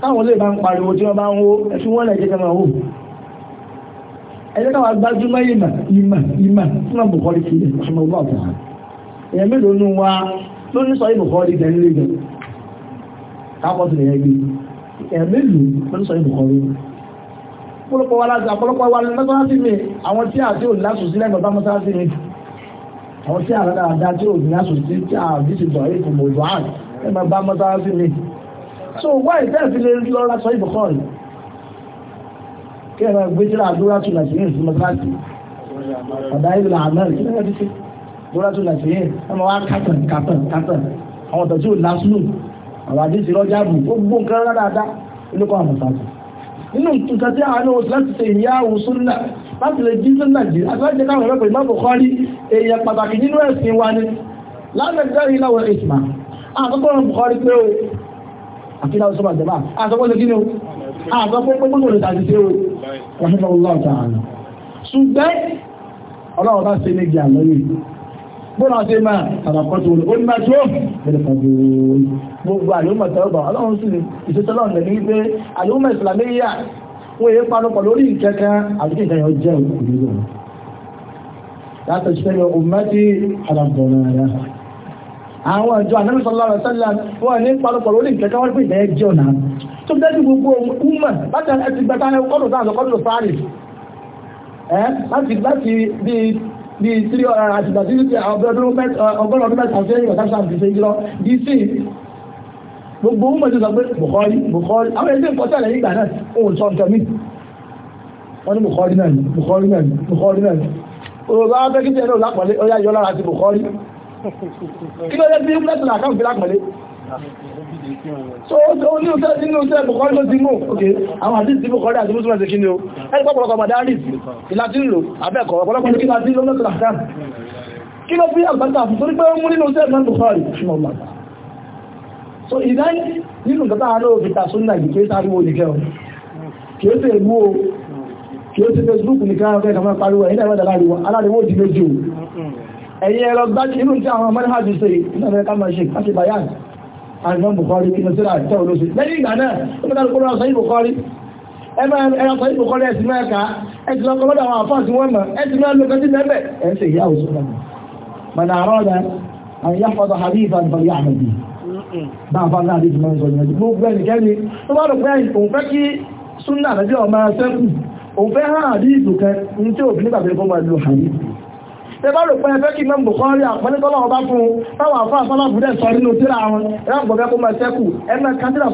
káwọn lè bá ń pariwo tí wọ́n bá ń wó ẹ̀fí wọ́n lẹ̀ jẹ́ kẹ́ máa wò ẹ̀jẹ̀ káwọn gbájúmọ́ ìmọ̀ ìmọ̀ ìmọ̀ tí wọ́n mọ̀ kọ́lé sí rẹ̀ ṣùgbọ́n ọgbà ọ̀tọ̀ èèyàn mélòó nù wa ló ní sọ ìbò kọ́lé jẹ́ nílé jẹ́ káwọn ti láti ọ̀pọ̀lọpọ̀ àwọn tí àti òlásùsílẹ̀ bàbá mọ́sásí mi àwọn tí àwọn dáadáa tí òbí náà sòtí tí àwọn òbí ti dọ̀rí kò mọ̀ ìwà àrùn ẹ máa bá mọ́sálásí mi so wá ìfẹ́ fi lè lọ́ra sọ ìbùkọ́ rẹ̀ kí ẹ máa gbé sílẹ̀ àdúrà tún láti yẹn fún mọ́sálásí ọ̀dà ìlú àmọ́ rẹ̀ kí ẹ ti ṣe àdúrà tún láti yẹn ẹ máa wá kàtàn kàtàn kàtàn àwọn tọ̀tí ò lásùlù àwọn àdìsí lọ́jà bù gbogbo nǹkan rárá dáadáa inú kọ́ àmọ́sálásí nínú nǹkan tí àwọn ọ̀sán ti ṣe ìyá òsùn náà láti lè jíṣẹ́ nàìjíríà àti láti jẹ́ káwọn ẹ̀rọ pẹ̀lú mọ́bù kọ́rí èèyàn pàtàkì nínú ẹ̀sìn wa ni lábẹ́gbẹ́rin láwọ ìsìnmá àkọ́kọ́ ọ̀rọ̀ bùkọ́rí pé o àti láwọ sọ́bà jẹba àkọ́kọ́ lè gínú àkọ́kọ́ pé gbogbo ìta ti ṣe o wàhíma ọlọ́ọ̀ ta àná ṣùgbẹ́ ọlọ́wọ́ bá ṣe ní gíà lọ́yìn bóra ṣe máa tàbàkọ́tù onímọ̀tò bẹ̀rẹ̀ pàdé gbogbo àlùmọ̀tà ọgbà ọlọ́run sì ìṣẹ́sọ́lọ́run lẹ́ni wípé àlùmọ̀ ìsìlámẹ́yà wọ́n èé panupọ̀ lórí ìkẹ́kẹ́ àti ìdáyọ̀ jẹ́ òkúrú rẹ̀ láti ṣẹlẹ̀ ummati àdàbọ̀nà rẹ̀ àwọn ìjọ Ànábì sallallahu alaihi wasallam wọ́n ní panupọ̀ lórí ìkẹ́kẹ́ wọ́n pè ìdáyẹ̀ jẹ́ ọ̀nà tó bẹ́ẹ̀ ní gbogbo ummah láti ẹti gbẹta kọ́dọ̀ sáàlọ̀ kọ́dọ̀ sáàlì ẹ́ láti láti bí bí tírí ọ̀rọ̀ àti ìgbà tí ọgbọ́n ọdún mẹ́ta ọ̀sẹ̀ ìgbà tí gbogbo ohun mọ̀tò sọ pé Bukhari Bukhari àwọn ẹgbẹ́ ìpọ́tà rẹ̀ nígbà náà òun sọ nǹkan mi wọ́n ní Bukhari náà ni Bukhari náà ni Bukhari náà ni òròbá abẹ́kíjẹ́ náà lápọ̀lé ọyá yọ lára ti Bukhari kí ló dé bí fúlẹ́tì náà káàkiri lápọ̀lé so ó ní oṣù tí ní oṣù Bukhari ló ti mú ok àwọn àti ti Bukhari àti Muslim ṣe kí ni o ẹni pọ́pọ̀lọpọ̀ madari ìlàtí ń lò abẹ́ẹ̀kọ́ ọ̀pọ̀lọpọ̀ ní kí ló fi àgbàtà fún torí pé ó mú nínú oṣù ẹ̀gbọ́n Bukhari ṣùgbọ́n so ìdáyí nínú nǹkan táà náà fìta súnnà yìí kéé sáríwò nìkẹ́ o kéé sì ègbú o kéé sì facebook nìkan ọ̀fẹ́ ìkàmọ́ pariwo ẹ̀yìn ẹ̀rọ aláriwo aláriwo di méjì o ẹ̀yìn ẹ̀rọ gbájú inú tí àwọn mẹ́rin hajj ṣe iná mẹ́rin ká máa ṣe káṣí bayan àìsàn Bukhari inú sí ra ìtẹ́ olóṣè lẹ́yìn ìgbà náà ó mẹ́ta kó ra sọ́yìn Bukhari ẹ̀rọ sọ́yìn Bukhari ẹ̀sìn mẹ́ẹ̀ka ẹ̀sìn lọ́kọ́ lọ́dọ̀ àwọn àfáà tí wọ́n mọ̀ ẹ̀sìn mẹ́ẹ̀ka lọ́kọ́ sí mẹ́ẹ̀bẹ̀ ẹ̀sìn ìyá òṣùpá mọ̀nà àrọ́dà àyàfọ́dọ̀ hadith àgbàlẹ́ àmàdì bàbá náà lè jùmọ̀ ìsọ̀rọ̀ ìrìnàjò gbogbo ẹnikẹ́ni tó bá rò pé òun fẹ́ kí súnà àdájọ́ ọmọ sẹ́kù òun fẹ́ hàn àdí ìdò kan ní tí òbí nígbà tẹ́lẹ̀ fọ́mọ ìlú hàní tẹ bá rò pé ẹ fẹ́ kí mẹ́m bùkọ́rí àpẹẹlẹ́tọ́lọ́ ọba fún táwọn afọ́ àfọ́lá bùdẹ́ sọ nínú tíra wọn ẹgbọ̀gẹ́ kó máa sẹ́kù ẹgbẹ́ kátìlà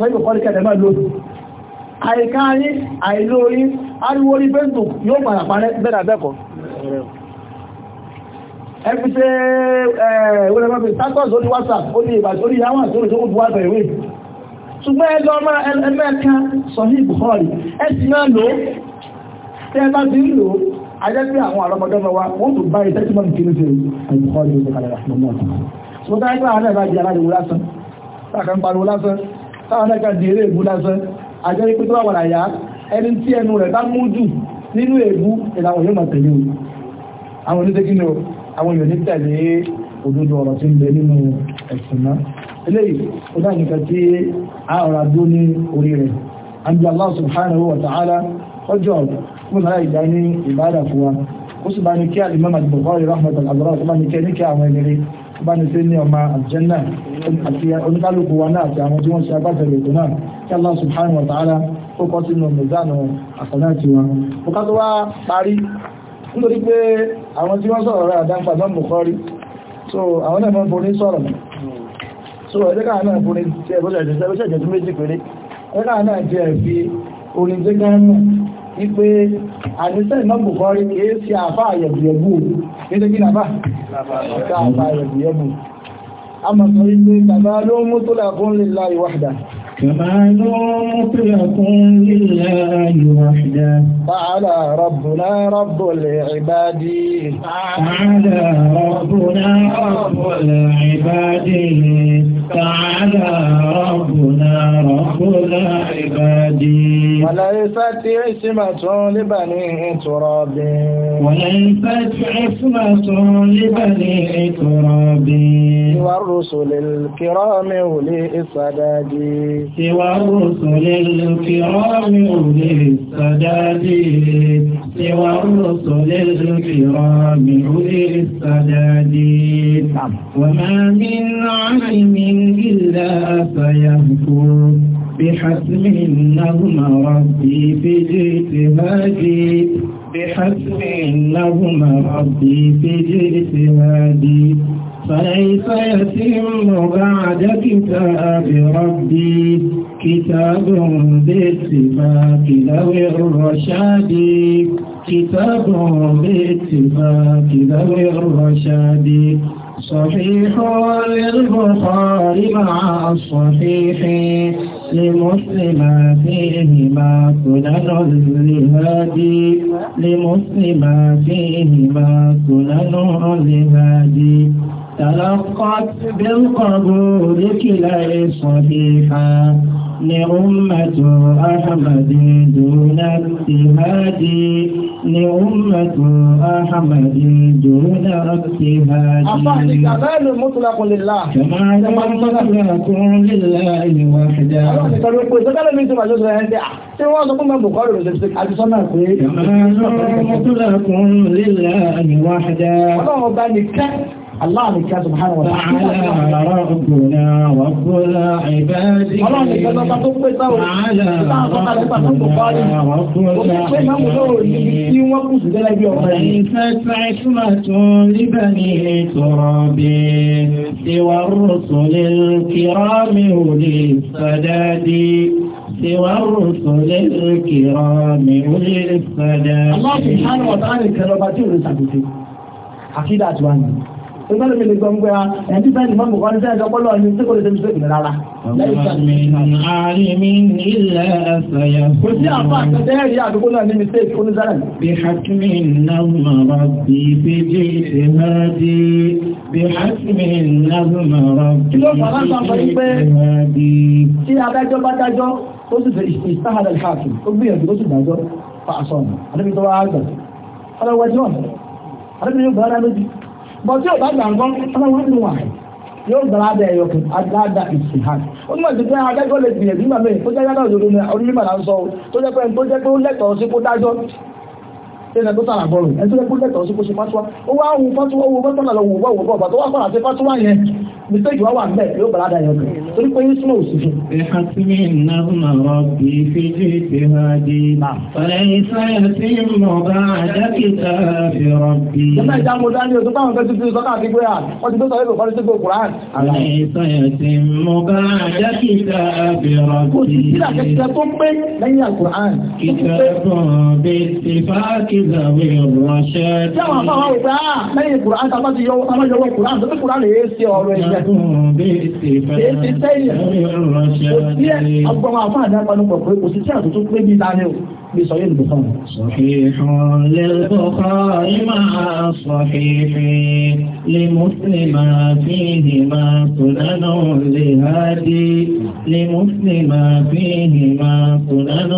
fẹ́ ẹbí ṣe ẹ̀wọ́lẹ́mọ́bí status orí whatsapp ó ní ìbàjẹ́ orí àwọn àtúrò tó kún wábẹ̀ ìwé ṣùgbọ́n ẹgbẹ́ ọmọ ẹmẹ́ẹ̀ká sọ̀hí bukhari ẹ̀sì náà lò tẹ́ bá ti ń lò ajẹ́ pé àwọn àrọmọdọ́mọ wa wọ́n tó bá ìtẹ́tí mọ́ nìkiri ṣe àìbùkọ́lù ó ti kalẹ̀ rà lọ́mọ́ ṣùgbọ́n táyé pé àwọn ẹ̀bá di aláriwo lásán táàkàn pariwo lásán táwọn ẹ̀ka di eré ègbú lásán ajẹ́ pé tó wà láyà ẹni tí ẹnu rẹ̀ bá mú jù nínú ègbú ìlàwọ̀ yóò mọ̀ tẹ̀lé o àwọn oníṣẹ́ kí ni o àwọn èèyàn ní tẹ̀lé òdodo ọ̀rọ̀ tí ń bẹ nínú ẹ̀sìn náà eléyìí ó dá nìkan tí a ọ̀rọ̀ dó ní orí rẹ̀ àbí Allah subhanahu wa ta'ala ọjọ́ fún náà ìdá ní ìbádà fún wa ó sì bá ní kí al-Imam al-Bukhari rahmatul abdullah tó bá ní kí ní kí àwọn ẹni rí tó bá ní nítorí pé àwọn tí wọ́n sọ̀rọ̀ rẹ̀ àdáńpà bá mú kọ́rí so àwọn náà fún ní sọ̀rọ̀ so ẹ̀dẹ́kà náà fún ní tí ẹ̀bọ́ ṣẹ̀jẹ̀ tún méjì péré ẹ̀dẹ́kà náà jẹ́ ẹ̀fí orin tí ká mú ní كما نطلق لله وحده تعالى ربنا رب العباد تعالى ربنا رب العباد فعلى ربنا رب العباد وليست عصمة لبني تراب وليست عصمة لبني تراب والرسل الكرام ولي السداد سوى الرسل الكرام أولي السداد سوى الرسل الكرام أولي السداد نعم. وما من علم إلا سيهفو بحسب إنهم ربي في اجتهادي بحسب إنهم ربي في اجتهادي فليس يتم بعد كتاب ربي كتاب باتفاق ذوي الرشاد كتاب باتفاق ذوي الرشاد صحيح للبخاري مع الصحيح لمسلم فيهما سنن الهادي لمسلم فيهما سنن الهادي تلقت بالقبول كلا صحيحا لأمة أحمد دون اجتهاد لأمة أحمد دون اجتهاد أصحني كمال مطلق لله كمال مطلق لله وحده Tí wọ́n sọ fún mẹ́bù kọ́rù lè ṣe Allah ni kíá subhanahu wa ta'ala. Ta'ala rabbuna rabbul ibadi. Ọlọ́run ni kẹ́kọ̀ọ́ bá tó pé sáwọn ọ̀sán àti pàtó tó bá rí. Ó ti pé máa mú lọ́rọ̀ níbi tí wọ́n kù sí gẹ́lẹ́ bí ọ̀pẹ. Ìfẹ́fẹ́ ìtumọ̀ tún líbẹ̀ ní ìtọ̀rọ̀ bí tiwa rúṣùlẹ̀ kìrámì òde sàdádì. Tiwa rúṣùlẹ̀ kìrámì òde sàdádì. Allah subhanahu wa ta'ala kẹ́kọ̀ọ́ bá tí ò nígbàdàn mi lè gbọ́ pé ẹ̀ńtí bẹ́ẹ̀ ni mọ́ bùkọ́ ní sẹ́yìn ọpọlọ ni tí kò lè tẹ̀lé sókè rárá. kò sí àpá àtẹ́tẹ́ rí àdúgbò náà ní mistake oníṣẹ́lẹ̀. bí hakimi nàmà rabbi fèjì ìṣèwádì bí hakimi nàmà rabbi fèjì ìṣèwádì. tí adájọ́ bá dájọ́ ó sì fẹ́ ìṣàhàdà ìhàkì ó gbìyànjú ó sì dájọ́ fa àṣọ ọ̀nà àdébìtọ́wà àgbà ọlọ́wọ́jọ́ ọ̀nà àdébìtọ́wà àgbà bọ̀ tí ò bá gbàgbọ́ ọlọ́wọ́ ní wà yóò gbà lábẹ́ ẹ̀yọ kù agbáda ìsìnhàn ó ní mọ̀tí pé adájọ́ lè gbìyànjú nígbà mẹ́rin tó jẹ́ yàrá òdodo ní onímọ̀ là ń sọ tó jẹ́ pé tó jẹ́ pé ó lẹ́tọ̀ọ́ sí kó dájọ́ ẹ̀nà tó tààrà bọ̀rọ̀ ẹ̀ tó jẹ́ pé ó lẹ́tọ̀ọ́ sí kó ṣe fásuwa ó wá wù fásuwa ó wù lọ wù wọ́ wù bọ̀ bàtọ́ yẹn mistake wa wà ń bẹ̀ tí ó bàlá da yẹn kan torí pé yíṣúná ò sì fi. ẹ̀ka tí mi iná máa rọ bí fíjì ti ha di. Ah. ọ̀rẹ́ ìsáyà tí mo bá dákítà fi rọ bí. nígbà ìjà mo dání o tó báwọn fẹ́ tuntun sọ́kà àti gbé àt ah, wọ́n ti tó sọ̀rọ̀ ìbòkọ́rí sí gbogbo Quran. ọ̀rẹ́ ìsáyà tí mo bá dákítà fi rọ bí. kò sí sílà kẹsìkẹ tó pé lẹ́yìn àkùrán. kìtàbọ̀ bẹ́ẹ̀ Kò sí ọgbọ́n àfáà dápanupọ̀ pé kò sí tí àtútù pé bí láàrin o. بصحيح البخاري صحيح للبخاري مع صحيح لمسلم فيهما سنن لهادي لمسلم فيهما سنن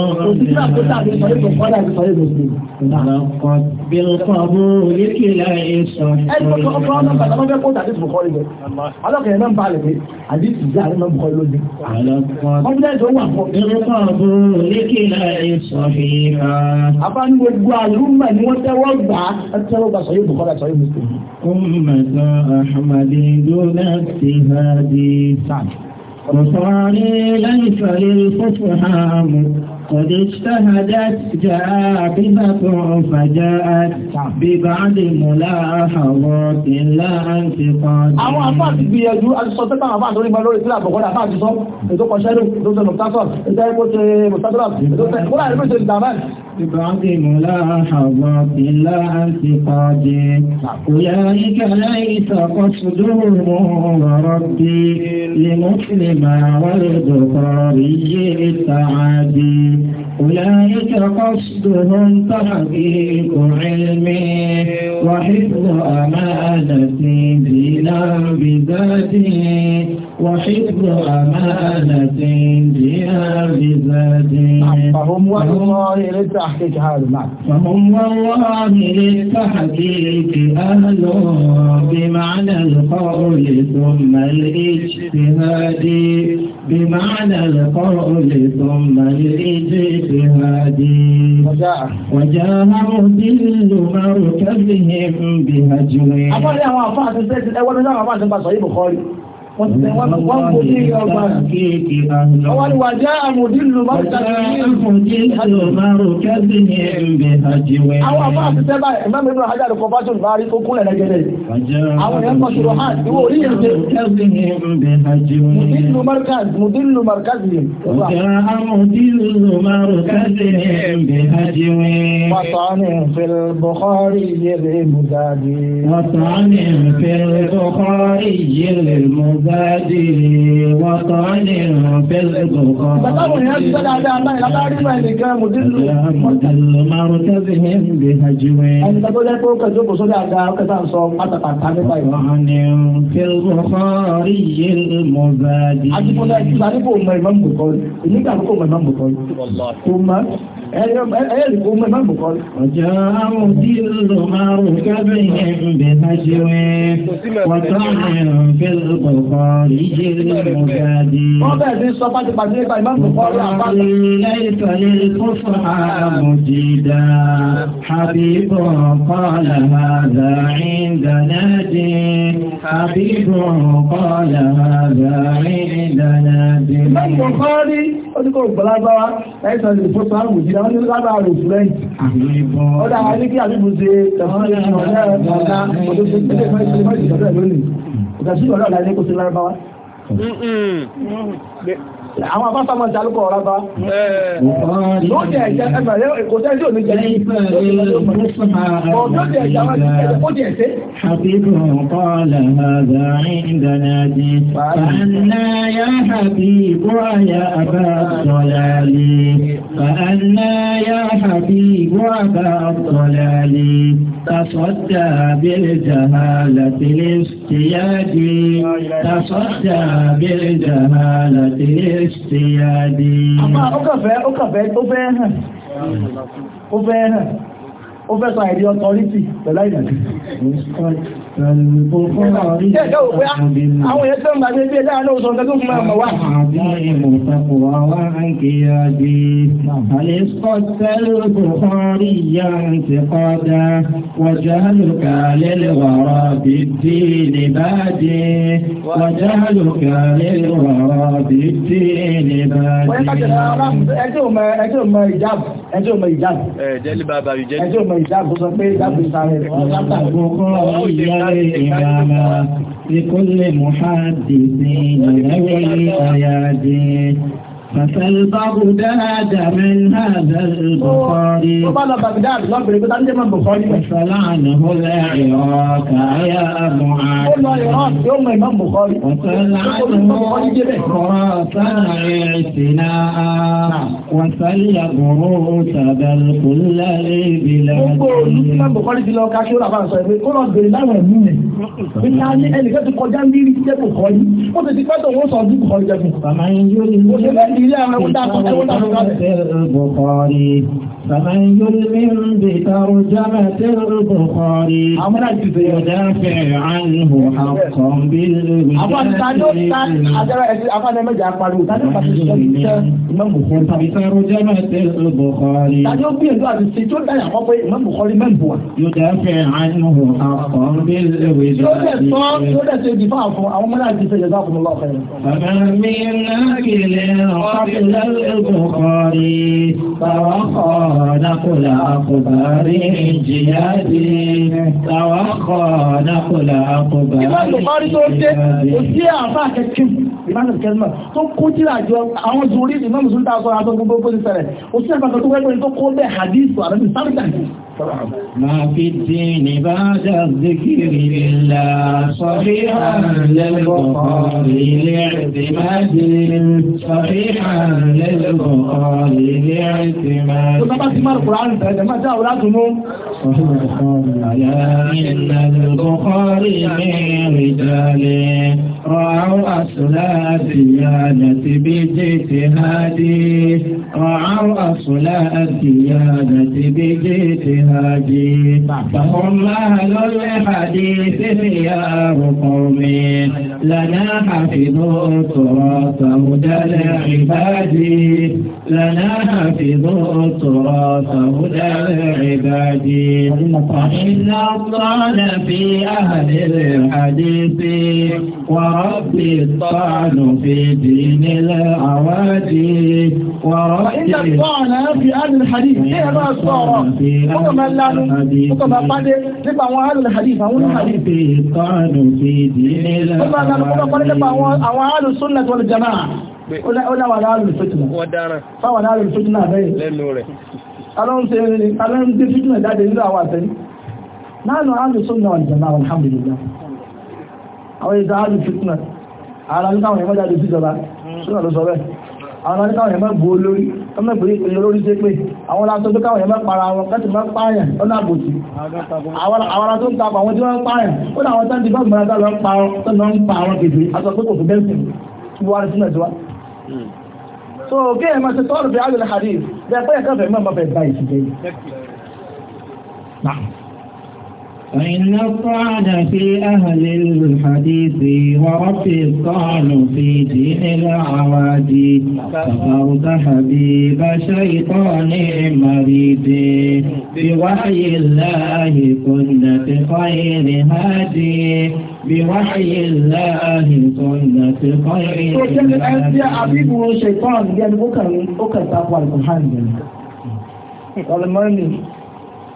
تلقت بالقبول كلا الصحيح تلقت بالقبول كلا الصحيح فيها أفان وقالهم من وتوضع التوضع صحيح بخلاء صحيح مسلم أمة أحمد دون اجتهاد سعد وصاري ليس للفتحة قد اجتهدت جاببة فجاءت ببعض ملاحظات لا انتقاد àwọn afá ti gbìyànjú àtìsọ tẹ́ta àwọn àtọ́rí ma lórí sílá àkọ́kọ́ àfá àtìsọ ètò kọ̀ṣẹ́rù ètò tẹ́ mọ̀tásọ̀ ètò ẹ̀kọ́ tẹ́ mọ̀tásọ̀ ètò tẹ́ بعد ملاحظات لا انتقاد أولئك ليس قصدهم وربي لمسلم والبخاري التعادي أولئك قصدهم تحقيق علمي وحفظ أمانتي بلا بذاتي وحفظ أمانة بها بذات فهم والله للتحقيق هذا المعنى نعم. فهم والله للتحقيق أهل بمعنى القول ثم الاجتهاد بمعنى القول ثم الاجتهاد وجاهوا ذل مركبهم بهجر أقول يا وفاة البيت الأول من أرى بعض البصري Àwọn ìwàjá àmòdìlù bá tàbí Àwọn àmọ́ àti tẹ́bà ẹ̀mẹ́mẹ́lú àjáde kọfásùn bá rí wọ́n rí ẹ̀ṣẹ́. Mùdílù markaz, mùdílù markaz yìí. Ọjọ́ فادي وطن بالعبق مدل مرتبهم بهجوين وعن في البخاري المبادي وجاء مدل مرتبهم بهجوين وطن في البخاري ìjì mọ̀gáde. Wọ́n bẹ̀rẹ̀ sí sọ pátipàtí nípa ìmáàmù Bukhari àpáta. Lẹ́yìntọ́ ní kúfà àmùjìdá, Habibun qala hadha indana di, Habibun qala hadha indana di. Ìmáàmù Bukhari ó ní kò gbọ́lágbáwá, lẹ́yìntọ́ ṣe tẹ̀fọ́n ní ọ̀rẹ́ ìgbàsílẹ̀ ọlọ́ọ̀lá ilé kó sí lárúbáwá àwọn abáfà máa dálúkọ̀ ọ̀rá bá lóòjì ẹ̀jẹ̀ ẹgbà yóò èkó tẹ́ yóò ní jẹ́lẹ̀ lóòjì ẹ̀jẹ̀ àwọn ẹgbẹ̀rẹ̀ jẹ́ ẹ̀sẹ̀ Habibu qala hadha indana ji fa'anna ya habibu ya aba ìṣèyàdì. Àmọ́ ó kàfẹ́ ó kàfẹ́ ó fẹ́ hàn. Ó fẹ́ hàn ó fẹ́ sọ àìrí ọtọrítì pẹ̀lá ìdàdí. Àwọn èèyàn tó ń gbà dé bí ẹ̀dá àlọ́ òṣèlú tó fún ọmọ wa. وجهلك للورى بالدين بادي وجهلك للورى بالدين ẹjọ́ mọ ẹjọ́ mọ ìjáàbù ẹjọ́ mọ ìjáàbù ẹjẹ́lì bàbá ìjẹ́ ẹjọ́ mọ ìjáàbù sọ pé ìjáàbù sáré ọ̀rọ̀ látàgbọ́ فالبغداد من هذا البخاري وقال بغداد لو بريكو تان جمع بخاري وسلعنه العراق يا معاذ والله العراق يوم امام بخاري وسلعنه خراسان اعتناء وسل بروس بل كل بلاد imam bukhari ti lọ Nàìjíríà rẹ̀ wọ́n dákọ̀ فمن يلم بترجمة البخاري أمرت يدافع عنه حقا بترجمة البخاري يدافع عنه حقا بالوزارة فمن من ناقل قبل البخاري فوقع نقل أخبار الجهاد توخى نقل أخبار الجهاد ìmáàmù kẹlmọ̀ tó kó tí àjọ àwọn zòrí ìmáàmù zòrí tààkọ́ àtọ́gbogbo pọ́lísẹ̀rẹ̀ ó sí ẹ̀fà kan tó wẹ́gbẹ̀rẹ̀ tó kó bẹ́ hadith àrẹ́bì sáàrẹ́bì ما في الدين بعد الذكر إلا صحيحا للبخاري لاعتماد صحيحا للبخاري لاعتماد. سبحان يا من البخاري من رجال رعوا أصل الزيادة باجتهادي رعوا أصل الزيادة باجتهادي فهم أهل الحديث خيار قوم لنا حفظوا تراث هدى العباد لنا حفظوا تراث هدى عبادي إن فإن في أهل الحديث ورب الطعن في دين الأواجي ورب الطعن في أهل الحديث إيه ما الصورة وكما اللعنة وكما قد nípa àwọn alùlùhàdìsì àwọn olùhàdìsì nípa àwọn nípa àwọn alùsùnà tó lè jama'a ó láwà láàrùn fìtìnà fáwà láàrùn fìtìnà bẹ́ẹ̀ lẹ́nu rẹ̀ alọ́run tí fíjìnà jáde nílò àwọn àtẹ́rí láàrín alùsùn náà ìjọba alhamdulillah àwọn ìjọ alùfíjìnà àwọn alùkáwọn ẹ̀mọ́ jáde síjọba sọ́nà ló sọ bẹ́ẹ̀ àwọn alùkáwọn ẹ̀mọ́ bú olórí ọmọkùnrin olórí ṣe pé àwọn alásọ́tò káwọn ẹ̀mọ́ para wọn láti mọ́ pààyàn lọ́nà àbòsí àwọn alásọ́ ń tapọ̀ àwọn tí wọ́n pààyàn ó dà àwọn táǹtì bá gbọ́nà so kí ẹ̀ máa ṣe tọ́rọ̀ bí alùlẹ̀ hadith bẹ́ẹ̀ pẹ́ ẹ̀kọ́ fẹ̀ bá fẹ̀ bá ìṣìjẹ́ yìí فإن الطعن في أهل الحديث ورفي الطعن في جيح العوادي كفرت حبيب شيطان مريد بوحي الله في خير هادي بوحي الله في خير هادي. يا حبيب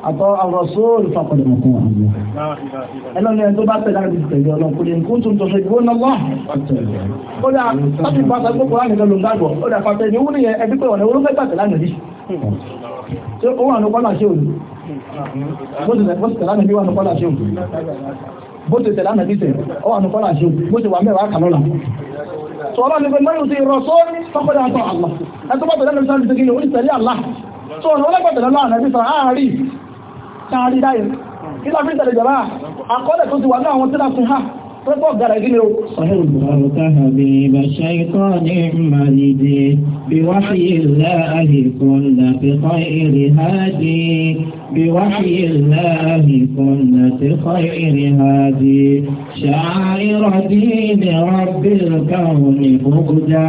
àtọ́ àrọ̀sóòlù fàkọ̀lẹ̀ mọ̀kún wọn. ẹlọ́ni ẹni tó bá tẹ̀lé àti tẹ̀lé ọlọ́kùnrin kó tún tọ́ṣe ìgbó náà wá. ó dà láti bá sọ pé kòránì kan ló ń gbàgbọ́ ó dà pàtẹ́ ní wúni yẹn ẹbí pé ọ̀nà olóńgbẹ́ tàtẹ̀ lánàá rí. ṣé ó wà ní kọ́lá ṣé òní? bó ti tẹ̀lé ànàbí wà ní kọ́lá ṣé òní? bó ti tẹ̀lé ànàbí tẹ̀ ó wà ní kọ́lá ṣé òní? bó ti wà mẹ́wàá kà lọ́la. sọ̀rọ̀ ni pé mẹ́rin ti rọ̀ sóòrì fọ́kọ́lẹ̀ àtọ̀ àlọ́ ẹ tó bá tẹ̀lé ànàbí kan rí dáyé kílá fi tẹ̀lẹ̀ jọba àkọọ́lẹ̀ tó ti wà náà wọn tí láti ha pẹ́pọ̀ gara ìdílé o بوحي الله كنت خير هادي شعائر دين رب الكون فقدا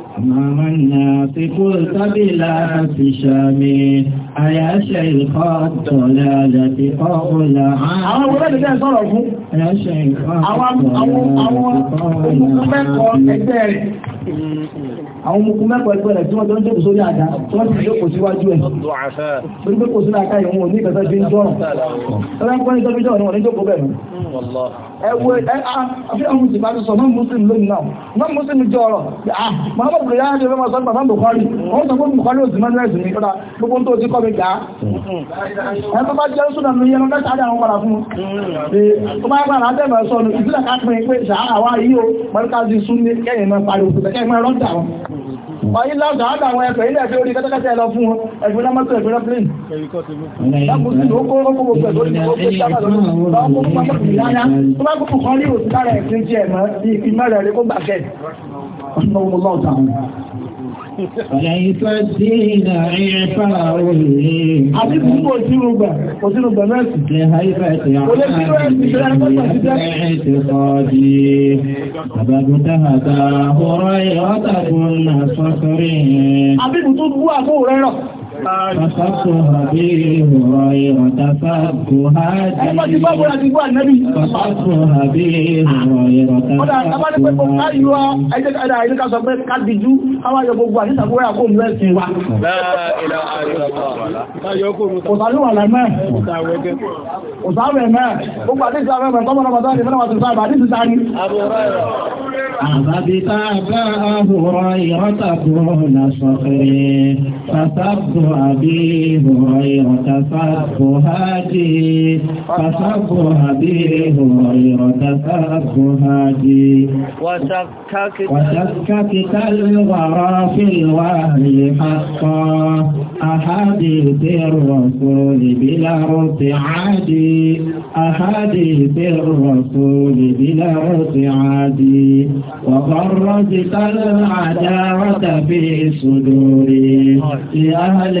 أمام الناس قلت بلا هشام أيا شيخ الضلالة قول عام أيا شيخ الضلالة قول عام àwọn ọmọkùn mẹ́kọ̀ọ́ ẹgbẹ́ rẹ̀ tí wọ́n jọ ń jókòó sórí àdá tí wọ́n sì jókòó síwájú ẹ̀ torí pé kò sí láàká ìwọ̀n òní ìgbẹ́sẹ̀ fi ń jọrùn ọ̀rẹ́ ń kọ́ ní tọ́jú jọrùn òní jókòó bẹ̀rù ẹwẹ́ àfi ọmọ ìsìnkú àti sọ mọ́ mùsùlùmí lónìí náà mọ́ mùsùlùmí jọ ọ̀rọ̀ Muhammadu rẹ̀ yára jẹ́ mọ́ sọ́gbà mọ́ Bukhari wọ́n sọ fún Bukhari òsì mẹ́rin ẹ̀sìn ní ọ̀dá gbogbo tó ti kọ́ mi gà á ẹ̀ tó bá jẹ́ sùnà mi yẹnu mẹ́ta àdá àwọn padà fún tó bá gbà láti ẹ̀mọ̀ sọ́nu ìsìlẹ̀ kápẹ́ pé sàárà wá yí o pẹ̀lú ká ọ̀yí láàdà àdà àwọn ẹ̀kọ̀ ilẹ̀ tí ó rí kẹ́tẹ́kẹ́tẹ́ lọ fún wọn ẹ̀gbẹ́ lọ́mọ́tò ẹ̀gbẹ́ lọ́pìlín lápùsùn ó kó rọ́pò gbogbo ẹ̀gbẹ́ lọ́pìlín tó bá kúkú kan rí òsì lára ẹ̀kùn jẹ́ ẹ̀mọ́ ìpínlẹ̀ rẹ̀ kó gbàkẹ́ Lẹ́yìnfẹ́dínà ìrẹ́fà òní. Àti fún òsínúgbà, òsínúgbà mẹ́sì. Lẹ́yìnfẹ́dínà ìrẹ́fà òní. Àbíkù tó bú àkó rẹ́rọ̀. فقصها به هريرة فقها فقصها به هريرة Òsáwẹ̀ náà, ó pàdé ìsáwẹ̀ mẹ́ tọ́mọ̀ náà bàtà ìfẹ́ náà wà ti sáà bàtà ìsáà ní. Àbábítà bá ààbò rọ ìrọ́tà kúrò náà sọ̀rẹ̀, fàtàkùn أبي هريرة فسب هادي فسب أبي هريرة فسب هادي وشككت الورى في الوهل حقا أحاديث الرسول بلا ارتعاد أحاديث الرسول بلا ارتعاد وفرجت العداوة في صدوري لأهل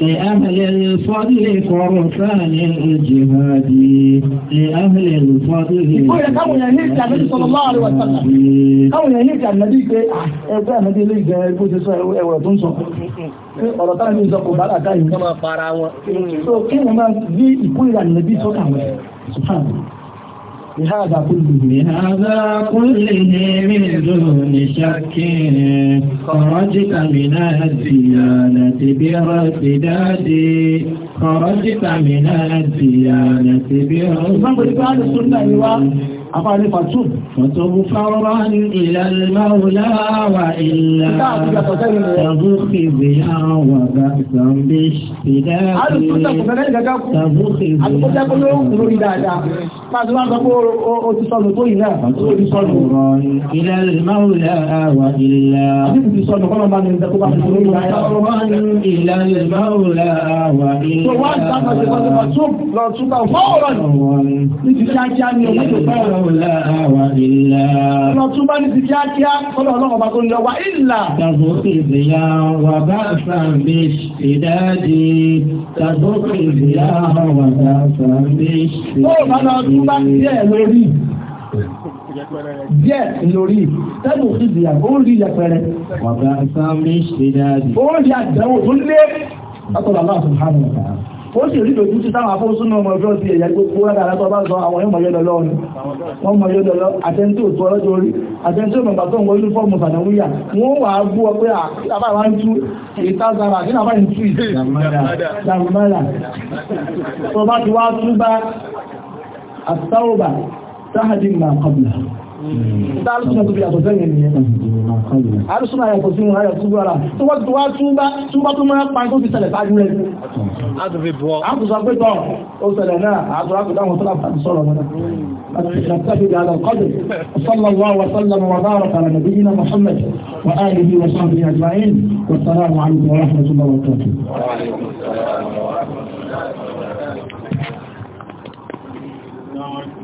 لأهل الفضل فرسان الجهاد لأهل الفضل يقول لك أول يهيك النبي صلى الله عليه وسلم أول يهيك النبي ẹgbẹ́ àmẹ́dé lè jẹ ẹgbẹ́ ti sọ ẹwẹ̀ tó ń sọ ọ̀rọ̀ táwọn ní ìsọkò bá àtàyè kí wọ́n máa bí ìkórìíra nìyẹn bí sọ́kà wọn بهذا كله بهذا كله من دون شك خرجت من الديانة بارتداد خرجت من الديانة بارتداد àpáàlé fàtún fọ́tọ̀bùkọ́rọ́ ìlàlmáwòlá wà ìlà tàbùkìbìyà wà bá ìsànbí ìdáyé ìlàlmáwòlá wà ìlà ìlàlmáwòlá wà ìlà Lọ túnbà fọ́wọ́rọ̀ ní ti ṣájá ní ọmọdé fẹ́ràn láha wà ilá. Lọ ọlọ́run bá tó ń lọ wà ilá. Tàbó ìzìyà wà bá sàmì ìdájí. Tàbó Ó bá lọ bá ní ẹ̀ lórí. Díẹ̀ lórí tẹ́lù ìzìyà ó rí yẹpẹrẹ. Wà bá sàmì ìdájí. Ó rí àdánwò tó lé. Látọ̀lá ó sì rí dojú tí táwọn afọ́súnmọ̀ ọmọ ọjọ́ sí ẹ̀yà gbogbo rádàrá tó bá sọ àwọn ìmọ̀yọ́dọ̀ lọ́rùn wọ́n mọ̀yọ́dọ̀ lọ àtẹ́ntí òtú ọlọ́jọ́ orí àtẹ́ntí òmọ̀gbà tó ń wọ uniform sànáwíyà wọ́n wà á gbọ́ pé ah, àbáwá ń tú ìtázara kí náà bá ń tú ìdàmọ́lá tó bá ti wá túbá àtàwọ̀bà sáhàdì mà kọ̀bùlà alùsùnà tó fi àtọ̀sẹ́ yẹn nìyẹn alùsùnà yàtọ̀ sí wọn ayọ̀ túbú ara tó wọ́n tó wá túbá tó mọ́ra pa tó fi ṣẹlẹ̀ sáájú rẹ̀ àtùsọ pé tọ́ ó ṣẹlẹ̀ náà àtùrà kò dáwọn sọ́lá fàtí sọ́rọ̀ mọ́ra نستفيد على القدر وصلى الله وسلم وبارك على نبينا محمد وآله وصحبه أجمعين والسلام عليكم ورحمة الله وبركاته وعليكم السلام ورحمة الله وبركاته